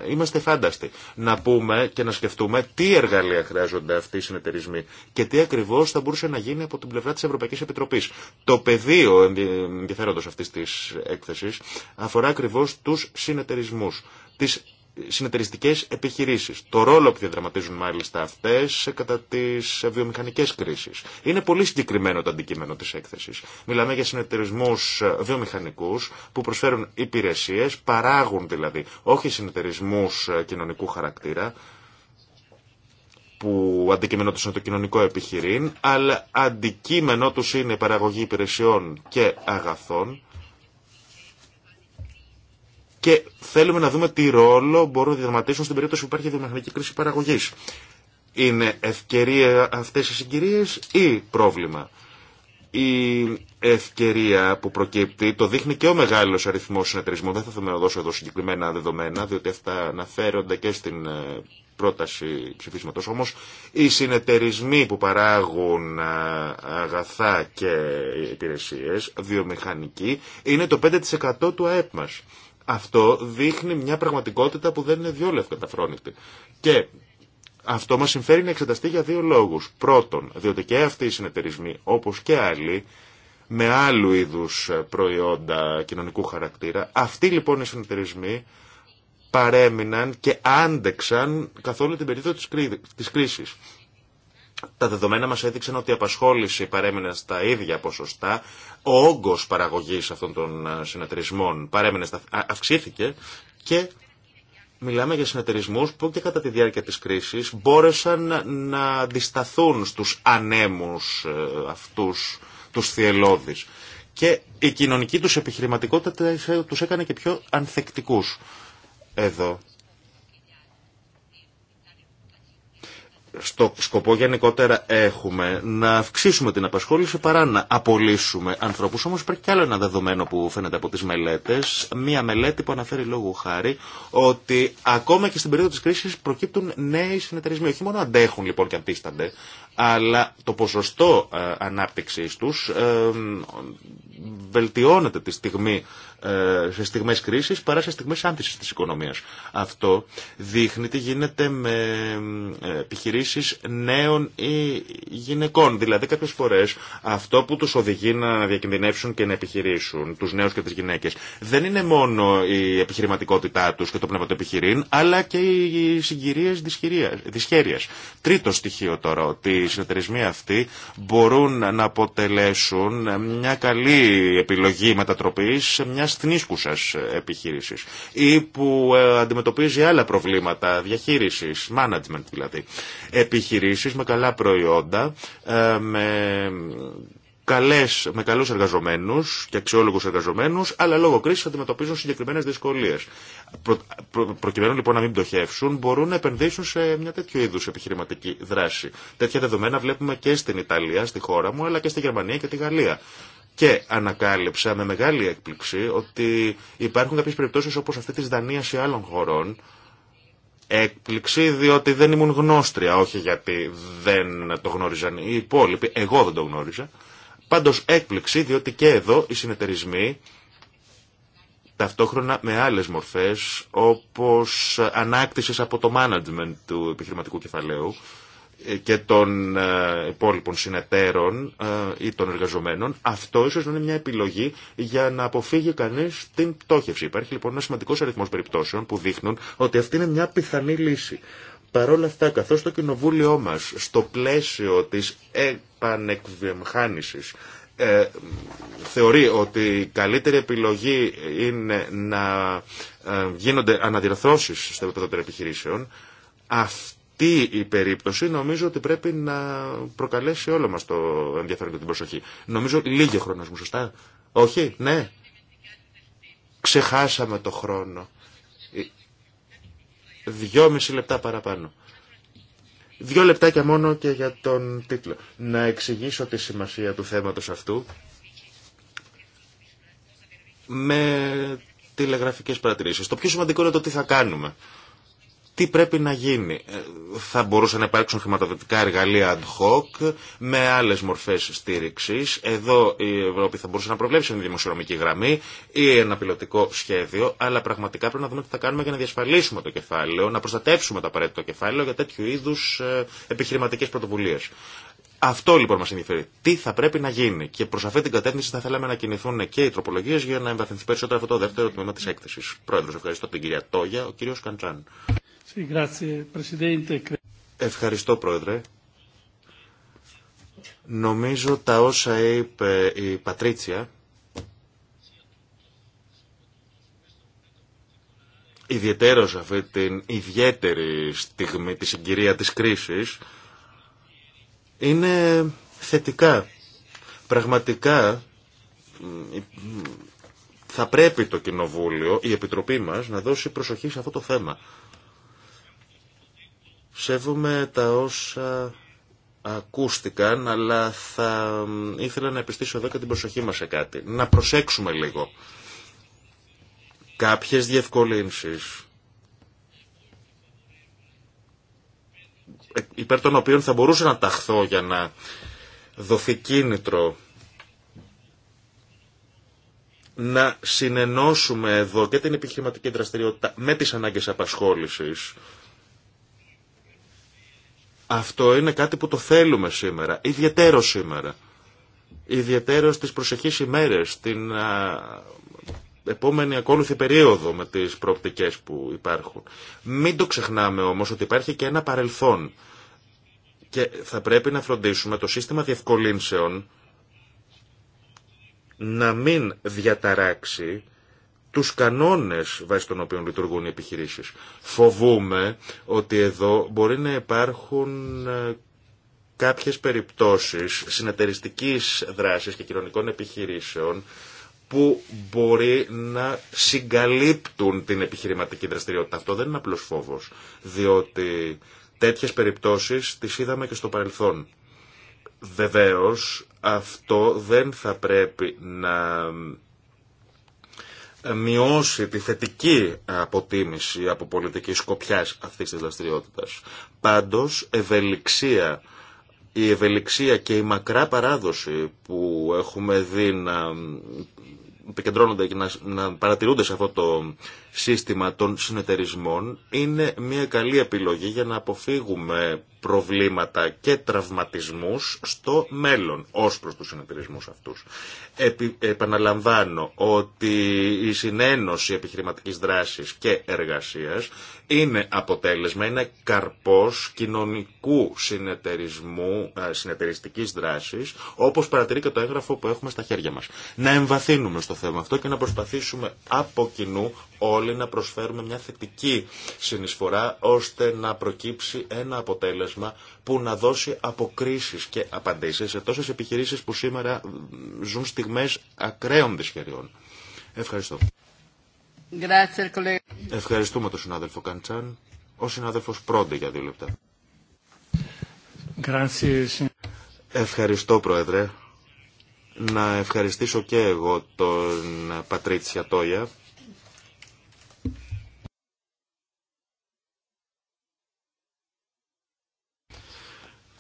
είμαστε φάνταστοι. Να πούμε και να σκεφτούμε τι εργαλεία χρειάζονται αυτοί οι συνεταιρισμοί και τι ακριβώς θα μπορούσε να γίνει από την πλευρά της Ευρωπαϊκής Επιτροπής. Το πεδίο ενδιαφέροντος αυτής της έκθεσης αφορά ακριβώς τους συνεταιρισμούς, τις συνεταιριστικέ επιχειρήσεις. Το ρόλο που διαδραματίζουν μάλιστα αυτές κατά τις βιομηχανικέ κρίσεις. Είναι πολύ συγκεκριμένο το αντικείμενο της έκθεσης. Μιλάμε για συνεταιρισμού βιομηχανικού που προσφέρουν υπηρεσίες, παράγουν δηλαδή, όχι συνεταιρισμού κοινωνικού χαρακτήρα, που αντικείμενο τους είναι το κοινωνικό επιχειρήν, αλλά αντικείμενο του είναι η παραγωγή υπηρεσιών και αγαθών, και θέλουμε να δούμε τι ρόλο μπορούν να διαδραματίσουν στην περίπτωση που υπάρχει βιομηχανική κρίση παραγωγή. Είναι ευκαιρία αυτέ οι συγκυρίε ή πρόβλημα. Η ευκαιρία που προκύπτει το δείχνει και ο μεγάλο αριθμό συνεταιρισμών. Δεν θα θέλω να δώσω εδώ συγκεκριμένα δεδομένα, διότι αυτά αναφέρονται και στην ε, πρόταση ψηφίσματο. Όμω οι συνεταιρισμοί που παράγουν ε, αγαθά και υπηρεσίε, βιομηχανικοί, είναι το 5% του ΑΕΠ αυτό δείχνει μια πραγματικότητα που δεν είναι τα ευκαταφρόνητη. Και αυτό μας συμφέρει να εξεταστεί για δύο λόγους. Πρώτον, διότι και αυτοί οι συνεταιρισμοί, όπως και άλλοι, με άλλου είδους προϊόντα κοινωνικού χαρακτήρα, αυτοί λοιπόν οι συνεταιρισμοί παρέμειναν και άντεξαν καθόλου την περίοδο της κρίσης. Τα δεδομένα μας έδειξαν ότι η απασχόληση παρέμεινε στα ίδια ποσοστά, ο όγκος παραγωγής αυτών των ε, συνεταιρισμών παρέμεινε στα... αυξήθηκε και Μιλάμε για συνεταιρισμού που και κατά τη διάρκεια της κρίσης μπόρεσαν να αντισταθούν στους ανέμους ε, αυτούς, τους θυελώδεις. Και η κοινωνική τους επιχειρηματικότητα τους ε, έκανε και πιο ανθεκτικούς. Εδώ στο σκοπό γενικότερα έχουμε να αυξήσουμε την απασχόληση παρά να απολύσουμε ανθρώπους. Όμως υπάρχει κι άλλο ένα δεδομένο που φαίνεται από τις μελέτες. Μία μελέτη που αναφέρει λόγου χάρη ότι ακόμα και στην περίοδο της κρίσης προκύπτουν νέοι συνεταιρισμοί. Όχι μόνο αντέχουν λοιπόν και αντίστανται, αλλά το ποσοστό ε, ανάπτυξης τους ε, βελτιώνεται τη στιγμή, ε, σε στιγμές κρίσης παρά σε στιγμές άνθησης της οικονομίας. Αυτό δείχνει τι γίνεται με ε, επιχειρήσεις νέων ή γυναικών. Δηλαδή κάποιες φορές αυτό που τους οδηγεί να διακινδυνεύσουν και να επιχειρήσουν τους νέους και τις γυναίκες δεν είναι μόνο η επιχειρηματικότητά τους και το πνεύμα του επιχειρήν αλλά και οι συγκυρίες δυσχέρειας. Τρίτο στοιχείο τώρα ότι οι συνεταιρισμοί αυτοί μπορούν να αποτελέσουν μια καλή επιλογή μετατροπής μιας θνίσκουσας επιχείρησης ή που ε, αντιμετωπίζει άλλα προβλήματα διαχείρισης, management δηλαδή. Επιχειρήσεις με καλά προϊόντα, ε, με καλές, με καλούς εργαζομένους και αξιόλογους εργαζομένους, αλλά λόγω κρίσης αντιμετωπίζουν συγκεκριμένες δυσκολίες. προκειμένου λοιπόν να μην πτωχεύσουν, μπορούν να επενδύσουν σε μια τέτοιου είδους επιχειρηματική δράση. Τέτοια δεδομένα βλέπουμε και στην Ιταλία, στη χώρα μου, αλλά και στη Γερμανία και τη Γαλλία. Και ανακάλυψα με μεγάλη έκπληξη ότι υπάρχουν κάποιες περιπτώσεις όπως αυτή της Δανίας ή άλλων χωρών έκπληξη διότι δεν ήμουν γνώστρια, όχι γιατί δεν το γνώριζαν οι υπόλοιποι, εγώ δεν το γνώριζα. Πάντως έκπληξη διότι και εδώ οι συνεταιρισμοί ταυτόχρονα με άλλες μορφές όπως ανάκτησης από το management του επιχειρηματικού κεφαλαίου και των ε, υπόλοιπων συνεταίρων ε, ή των εργαζομένων, αυτό ίσως να είναι μια επιλογή για να αποφύγει κανείς την πτώχευση. Υπάρχει λοιπόν ένα σημαντικός αριθμός περιπτώσεων που δείχνουν ότι αυτή είναι μια πιθανή λύση. Παρ' όλα αυτά, καθώς το κοινοβούλιο μας στο πλαίσιο της επανεκβιομηχάνησης ε, θεωρεί ότι η καλύτερη επιλογή είναι να γίνονται αναδιαρθρώσεις στα επίπεδο των επιχειρήσεων, αυτό τι η περίπτωση νομίζω ότι πρέπει να προκαλέσει όλο μας το ενδιαφέρον και την προσοχή. Νομίζω λίγη χρόνο μου, σωστά. Όχι, ναι. Ξεχάσαμε το χρόνο. Ε, δυόμιση λεπτά παραπάνω. Δύο λεπτάκια μόνο και για τον τίτλο. Να εξηγήσω τη σημασία του θέματος αυτού με τηλεγραφικές παρατηρήσεις. Το πιο σημαντικό είναι το τι θα κάνουμε τι πρέπει να γίνει. Ε, θα μπορούσαν να υπάρξουν χρηματοδοτικά εργαλεία ad hoc με άλλε μορφέ στήριξη. Εδώ η Ευρώπη θα μπορούσε να προβλέψει μια δημοσιονομική γραμμή ή ένα πιλωτικό σχέδιο, αλλά πραγματικά πρέπει να δούμε τι θα κάνουμε για να διασφαλίσουμε το κεφάλαιο, να προστατεύσουμε το απαραίτητο κεφάλαιο για τέτοιου είδου ε, επιχειρηματικέ πρωτοβουλίε. Αυτό λοιπόν μα ενδιαφέρει. Τι θα πρέπει να γίνει. Και προ αυτή την κατεύθυνση θα θέλαμε να κινηθούν και οι τροπολογίε για να εμβαθυνθεί περισσότερο αυτό το δεύτερο τμήμα τη έκθεση. Πρόεδρο, ευχαριστώ την κυρία Τόγια, ο κύριο Καντζάν. Ευχαριστώ, Πρόεδρε. Νομίζω τα όσα είπε η Πατρίτσια, ιδιαίτερο αυτή την ιδιαίτερη στιγμή, τη συγκυρία της κρίσης, είναι θετικά. Πραγματικά θα πρέπει το Κοινοβούλιο, η Επιτροπή μας, να δώσει προσοχή σε αυτό το θέμα. Σέβομαι τα όσα ακούστηκαν, αλλά θα ήθελα να επιστήσω εδώ και την προσοχή μας σε κάτι. Να προσέξουμε λίγο. Κάποιες διευκολύνσεις ε, υπέρ των οποίων θα μπορούσα να ταχθώ για να δοθεί κίνητρο να συνενώσουμε εδώ και την επιχειρηματική δραστηριότητα με τις ανάγκες απασχόλησης αυτό είναι κάτι που το θέλουμε σήμερα, ιδιαίτερο σήμερα. Ιδιαίτερο στις προσεχείς ημέρες, την επόμενη ακόλουθη περίοδο με τις προοπτικές που υπάρχουν. Μην το ξεχνάμε όμως ότι υπάρχει και ένα παρελθόν και θα πρέπει να φροντίσουμε το σύστημα διευκολύνσεων να μην διαταράξει τους κανόνες βάσει των οποίων λειτουργούν οι επιχειρήσεις. Φοβούμε ότι εδώ μπορεί να υπάρχουν ε, κάποιες περιπτώσεις συνεταιριστική δράσης και κοινωνικών επιχειρήσεων που μπορεί να συγκαλύπτουν την επιχειρηματική δραστηριότητα. Αυτό δεν είναι απλός φόβος, διότι τέτοιες περιπτώσεις τις είδαμε και στο παρελθόν. Βεβαίως, αυτό δεν θα πρέπει να μειώσει τη θετική αποτίμηση από πολιτική σκοπιά αυτή τη δραστηριότητα. Πάντως, ευελιξία, η ευελιξία και η μακρά παράδοση που έχουμε δει να επικεντρώνονται και να, παρατηρούνται σε αυτό το σύστημα των συνεταιρισμών είναι μια καλή επιλογή για να αποφύγουμε προβλήματα και τραυματισμούς στο μέλλον ως προς τους συνεταιρισμούς αυτούς. Επι, επαναλαμβάνω ότι η συνένωση επιχειρηματικής δράσης και εργασίας είναι αποτέλεσμα, είναι καρπός κοινωνικού συνεταιρισμού, ε, συνεταιριστικής δράσης, όπως παρατηρεί και το έγγραφο που έχουμε στα χέρια μας. Να εμβαθύνουμε στο θέμα αυτό και να προσπαθήσουμε από κοινού όλοι να προσφέρουμε μια θετική συνεισφορά ώστε να προκύψει ένα αποτέλεσμα που να δώσει αποκρίσεις και απαντήσεις σε τόσες επιχειρήσεις που σήμερα ζουν στιγμές ακραίων δυσχεριών. Ευχαριστώ. Ευχαριστούμε τον συνάδελφο Καντσάν. Ο συνάδελφος Πρόντε για δύο λεπτά. Ευχαριστώ Πρόεδρε. Να ευχαριστήσω και εγώ τον Πατρίτσια Τόια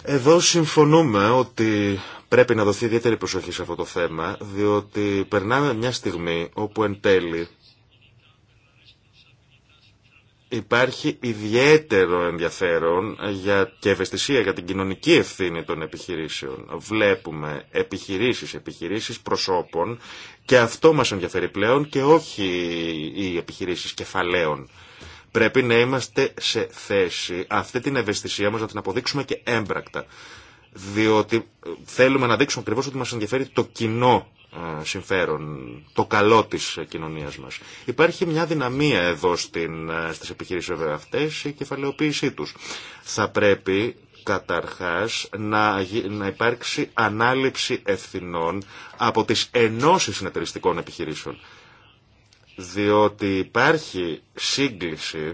Εδώ συμφωνούμε ότι πρέπει να δοθεί ιδιαίτερη προσοχή σε αυτό το θέμα, διότι περνάμε μια στιγμή όπου εν τέλει υπάρχει ιδιαίτερο ενδιαφέρον για, και ευαισθησία για την κοινωνική ευθύνη των επιχειρήσεων. Βλέπουμε επιχειρήσεις, επιχειρήσεις προσώπων και αυτό μας ενδιαφέρει πλέον και όχι οι επιχειρήσεις κεφαλαίων. Πρέπει να είμαστε σε θέση αυτή την ευαισθησία μας να την αποδείξουμε και έμπρακτα. Διότι ε, θέλουμε να δείξουμε ακριβώς ότι μας ενδιαφέρει το κοινό ε, συμφέρον, το καλό της ε, κοινωνίας μας. Υπάρχει μια δυναμία εδώ στην, στις επιχειρήσεις βέβαια αυτές, η κεφαλαιοποίησή τους. Θα πρέπει καταρχάς να, να υπάρξει ανάληψη ευθυνών από τις ενώσεις συνεταιριστικών επιχειρήσεων διότι υπάρχει σύγκληση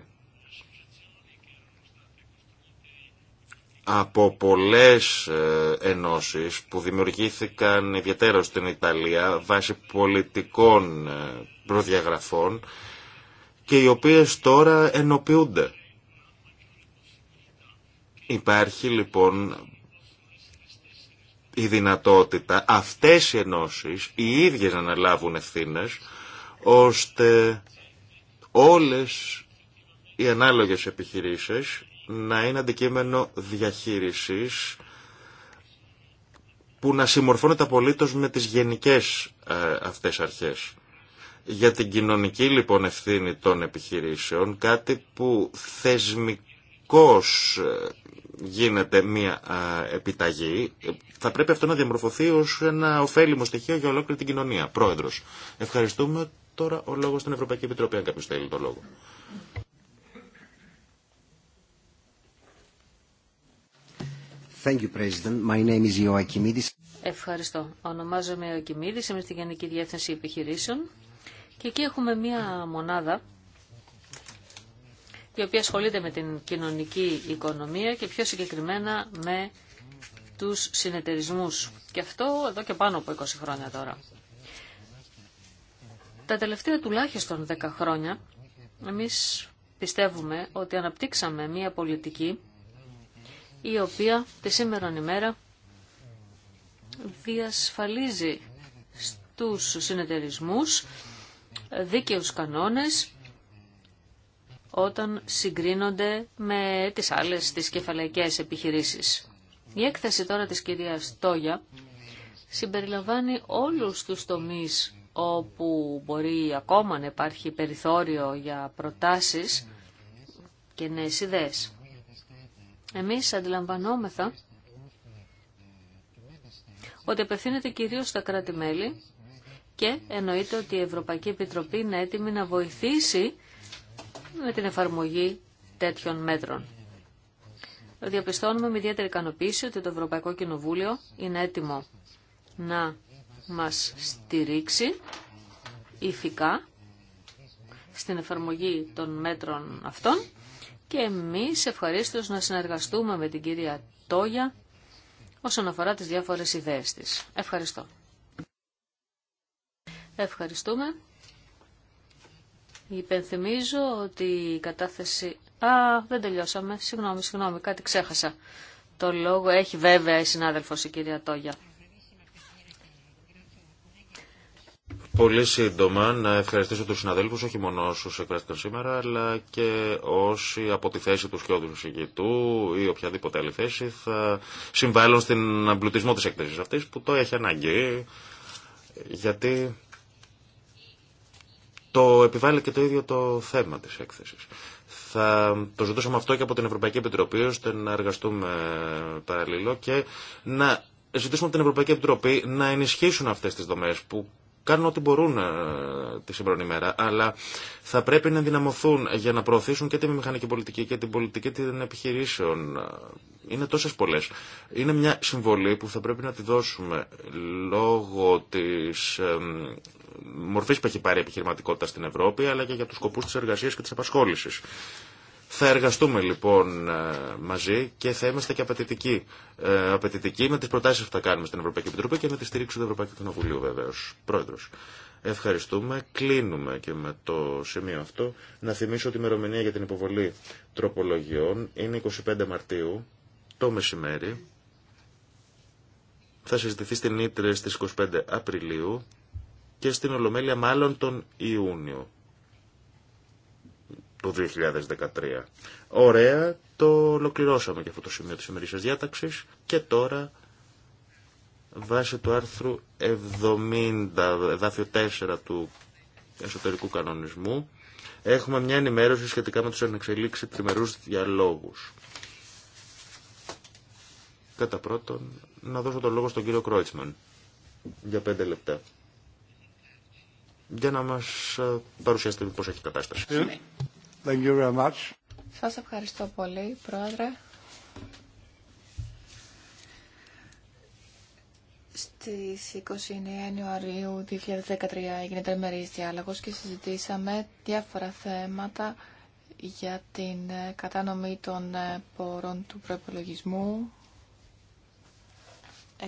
από πολλές ε, ενώσεις που δημιουργήθηκαν ιδιαίτερα στην Ιταλία βάσει πολιτικών ε, προδιαγραφών και οι οποίες τώρα ενοποιούνται. Υπάρχει λοιπόν η δυνατότητα αυτές οι ενώσεις οι ίδιες να αναλάβουν ευθύνες ώστε όλες οι ανάλογες επιχειρήσεις να είναι αντικείμενο διαχείρισης που να συμμορφώνεται απολύτως με τις γενικές ε, αυτές αρχές. Για την κοινωνική λοιπόν ευθύνη των επιχειρήσεων, κάτι που θεσμικός ε, γίνεται μια ε, επιταγή, θα πρέπει αυτό να διαμορφωθεί ως ένα ωφέλιμο στοιχείο για ολόκληρη την κοινωνία. Πρόεδρος, ευχαριστούμε τώρα ο λόγος στην Ευρωπαϊκή Επιτροπή, αν κάποιος θέλει το λόγο. Ευχαριστώ. Ονομάζομαι Ιωακιμίδης, είμαι στη Γενική Διεύθυνση Επιχειρήσεων και εκεί έχουμε μία μονάδα η οποία ασχολείται με την κοινωνική οικονομία και πιο συγκεκριμένα με τους συνεταιρισμούς. Και αυτό εδώ και πάνω από 20 χρόνια τώρα. Τα τελευταία τουλάχιστον 10 χρόνια εμείς πιστεύουμε ότι αναπτύξαμε μία πολιτική η οποία τη σήμερα ημέρα διασφαλίζει στους συνεταιρισμούς δίκαιους κανόνες όταν συγκρίνονται με τις άλλες τις κεφαλαϊκές επιχειρήσεις. Η έκθεση τώρα της κυρίας Τόγια συμπεριλαμβάνει όλους τους τομείς όπου μπορεί ακόμα να υπάρχει περιθώριο για προτάσεις και νέες ιδέες. Εμείς αντιλαμβανόμεθα ότι απευθύνεται κυρίως στα κράτη-μέλη και εννοείται ότι η Ευρωπαϊκή Επιτροπή είναι έτοιμη να βοηθήσει με την εφαρμογή τέτοιων μέτρων. Διαπιστώνουμε με ιδιαίτερη ικανοποίηση ότι το Ευρωπαϊκό Κοινοβούλιο είναι έτοιμο να μας στηρίξει ηθικά στην εφαρμογή των μέτρων αυτών και εμείς ευχαρίστως να συνεργαστούμε με την κυρία Τόγια όσον αφορά τις διάφορες ιδέες της. Ευχαριστώ. Ευχαριστούμε. Υπενθυμίζω ότι η κατάθεση... Α, δεν τελειώσαμε. Συγγνώμη, συγγνώμη, κάτι ξέχασα. Το λόγο έχει βέβαια η συνάδελφος η κυρία Τόγια. Πολύ σύντομα να ευχαριστήσω τους συναδέλφους, όχι μόνο όσους εκφράστηκαν σήμερα, αλλά και όσοι από τη θέση του σκιώδου συγκητού ή οποιαδήποτε άλλη θέση θα συμβάλλουν στην αμπλουτισμό της έκθεσης αυτής που το έχει ανάγκη, γιατί το επιβάλλει και το ίδιο το θέμα της έκθεσης. Θα το ζητούσαμε αυτό και από την Ευρωπαϊκή Επιτροπή ώστε να εργαστούμε παραλληλό και να ζητήσουμε από την Ευρωπαϊκή Επιτροπή να ενισχύσουν αυτές τις δομές που κάνουν ό,τι μπορούν ε, τη σύμπρονη μέρα, αλλά θα πρέπει να δυναμωθούν για να προωθήσουν και τη μηχανική πολιτική και την πολιτική των επιχειρήσεων. Είναι τόσε πολλέ. Είναι μια συμβολή που θα πρέπει να τη δώσουμε λόγω τη μορφή που έχει πάρει η επιχειρηματικότητα στην Ευρώπη, αλλά και για του σκοπού τη εργασία και τη απασχόληση. Θα εργαστούμε λοιπόν ε, μαζί και θα είμαστε και απαιτητικοί. Ε, απαιτητικοί με τι προτάσει που θα κάνουμε στην Ευρωπαϊκή Επιτροπή και με τη στήριξη του Ευρωπαϊκού Κοινοβουλίου βεβαίω. Πρόεδρο. Ευχαριστούμε. Κλείνουμε και με το σημείο αυτό. Να θυμίσω ότι η ημερομηνία για την υποβολή τροπολογιών είναι 25 Μαρτίου το μεσημέρι. Θα συζητηθεί στην Ήτρε στις 25 Απριλίου και στην Ολομέλεια μάλλον τον Ιούνιο του 2013. Ωραία, το ολοκληρώσαμε και αυτό το σημείο της ημερήσιας διάταξης και τώρα βάσει του άρθρου 70, εδάφιο 4 του εσωτερικού κανονισμού, έχουμε μια ενημέρωση σχετικά με τους ανεξελίξει τριμερούς διαλόγους. Κατά πρώτον, να δώσω τον λόγο στον κύριο Κρόιτσμαν για πέντε λεπτά για να μας ε, παρουσιάσετε πώς έχει κατάσταση. Ναι. Thank Σας ευχαριστώ πολύ, Πρόεδρε. Στις 29 Ιανουαρίου 2013 έγινε τρεμερής διάλογος και συζητήσαμε διάφορα θέματα για την κατανομή των ε, πόρων του προπολογισμού. 60%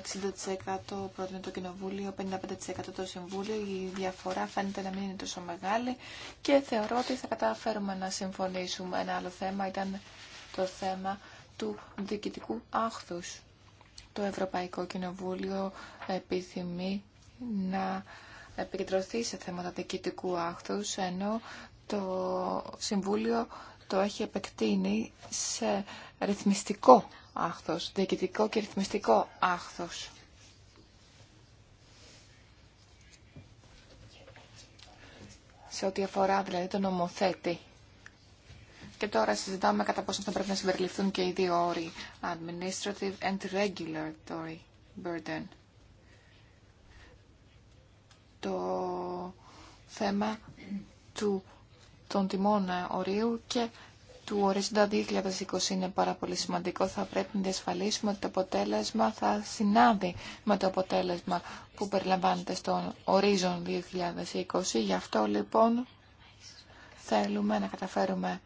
πρότεινε το Κοινοβούλιο, 55% το Συμβούλιο. Η διαφορά φαίνεται να μην είναι τόσο μεγάλη και θεωρώ ότι θα καταφέρουμε να συμφωνήσουμε. Ένα άλλο θέμα ήταν το θέμα του διοικητικού άχθους. Το Ευρωπαϊκό Κοινοβούλιο επιθυμεί να επικεντρωθεί σε θέματα διοικητικού άχθους, ενώ το Συμβούλιο το έχει επεκτείνει σε ρυθμιστικό άχθος, διοικητικό και ρυθμιστικό άχθος. Σε ό,τι αφορά δηλαδή τον νομοθέτη. Και τώρα συζητάμε κατά πόσο θα πρέπει να συμπεριληφθούν και οι δύο όροι. Administrative and regulatory burden. Το θέμα του, των τιμών ορίου και του ορίζοντα 2020 είναι πάρα πολύ σημαντικό. Θα πρέπει να διασφαλίσουμε ότι το αποτέλεσμα θα συνάδει με το αποτέλεσμα που περιλαμβάνεται στον ορίζον 2020. Γι' αυτό λοιπόν θέλουμε να καταφέρουμε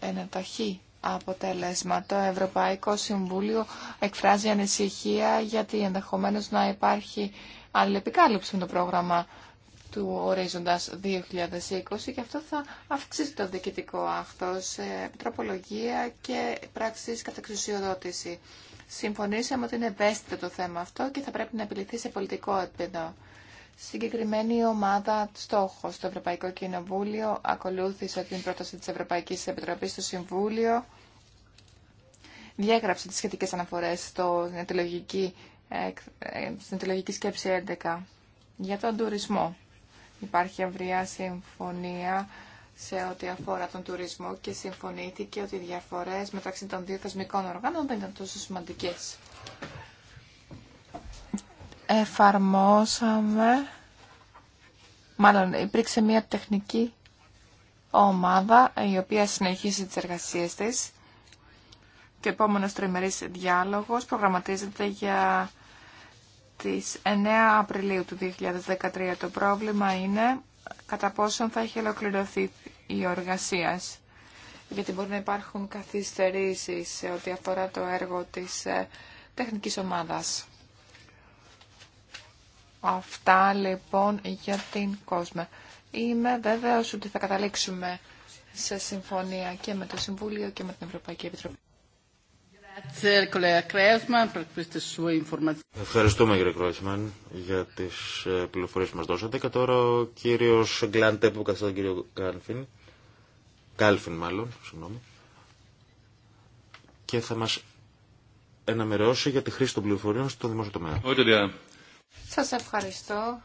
ένα ταχύ αποτέλεσμα. Το Ευρωπαϊκό Συμβούλιο εκφράζει ανησυχία γιατί ενδεχομένως να υπάρχει αλληλεπικάλυψη με το πρόγραμμα του ορίζοντας 2020 και αυτό θα αυξήσει το διοικητικό σε τροπολογία και πράξεις κατά εξουσιοδότηση. Συμφωνήσαμε ότι είναι ευαίσθητο το θέμα αυτό και θα πρέπει να επιληθεί σε πολιτικό επίπεδο. Συγκεκριμένη ομάδα στόχο στο Ευρωπαϊκό Κοινοβούλιο ακολούθησε την πρόταση της Ευρωπαϊκής Επιτροπής στο Συμβούλιο, διέγραψε τις σχετικές αναφορές στο, στην αιτηλογική ε, σκέψη 11 για τον τουρισμό. Υπάρχει ευρεία συμφωνία σε ό,τι αφορά τον τουρισμό και συμφωνήθηκε ότι οι διαφορές μεταξύ των δύο θεσμικών οργάνων δεν ήταν τόσο σημαντικές. Εφαρμόσαμε, μάλλον υπήρξε μια τεχνική ομάδα η οποία συνεχίζει τις εργασίες της και ο επόμενος τριμερής διάλογος προγραμματίζεται για της 9 Απριλίου του 2013 το πρόβλημα είναι κατά πόσον θα έχει ολοκληρωθεί η εργασία. Γιατί μπορεί να υπάρχουν καθυστερήσεις σε ό,τι αφορά το έργο της ε, τεχνικής ομάδας. Αυτά λοιπόν για την κόσμο. Είμαι βέβαιος ότι θα καταλήξουμε σε συμφωνία και με το Συμβούλιο και με την Ευρωπαϊκή Επιτροπή. Ευχαριστούμε κύριε Κρόισμαν για τις ε, πληροφορίες που μας δώσατε και τώρα ο κύριος Γκλάντε που καθόταν κύριο Κάλφιν, Κάλφιν μάλλον, συγγνώμη, και θα μας εναμερώσει για τη χρήση των πληροφοριών στο δημόσιο τομέα. Σας ευχαριστώ.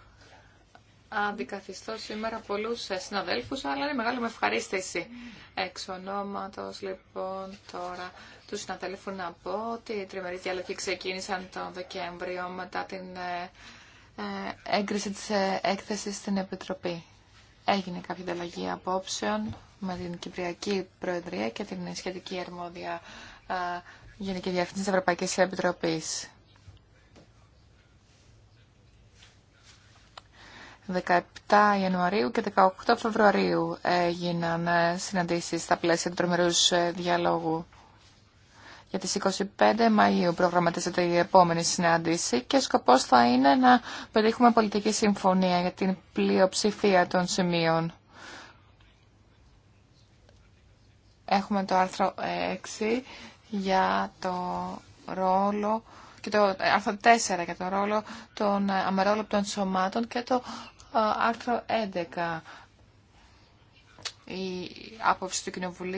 Αντικαθιστώ σήμερα πολλού ε, συναδέλφου, αλλά είναι μεγάλη μου ευχαρίστηση. Εξ ονόματο λοιπόν τώρα του συναδέλφου να πω ότι οι τριμερεί διάλογοι ξεκίνησαν τον Δεκέμβριο μετά την ε, ε, έγκριση της ε, έκθεσης στην Επιτροπή. Έγινε κάποια ανταλλαγή απόψεων με την Κυπριακή Προεδρία και την σχετική αρμόδια Γενική Διεύθυνση τη Ευρωπαϊκής Επιτροπής. 17 Ιανουαρίου και 18 Φεβρουαρίου έγιναν συναντήσεις στα πλαίσια του τρομερούς διαλόγου. Για τις 25 Μαΐου προγραμματίζεται η επόμενη συνάντηση και σκοπός θα είναι να πετύχουμε πολιτική συμφωνία για την πλειοψηφία των σημείων. Έχουμε το άρθρο 6 για το ρόλο και το ε, άρθρο 4 για το ρόλο των ε, αμερόληπτων σωμάτων και το ε, άρθρο 11 η άποψη του Κοινοβουλίου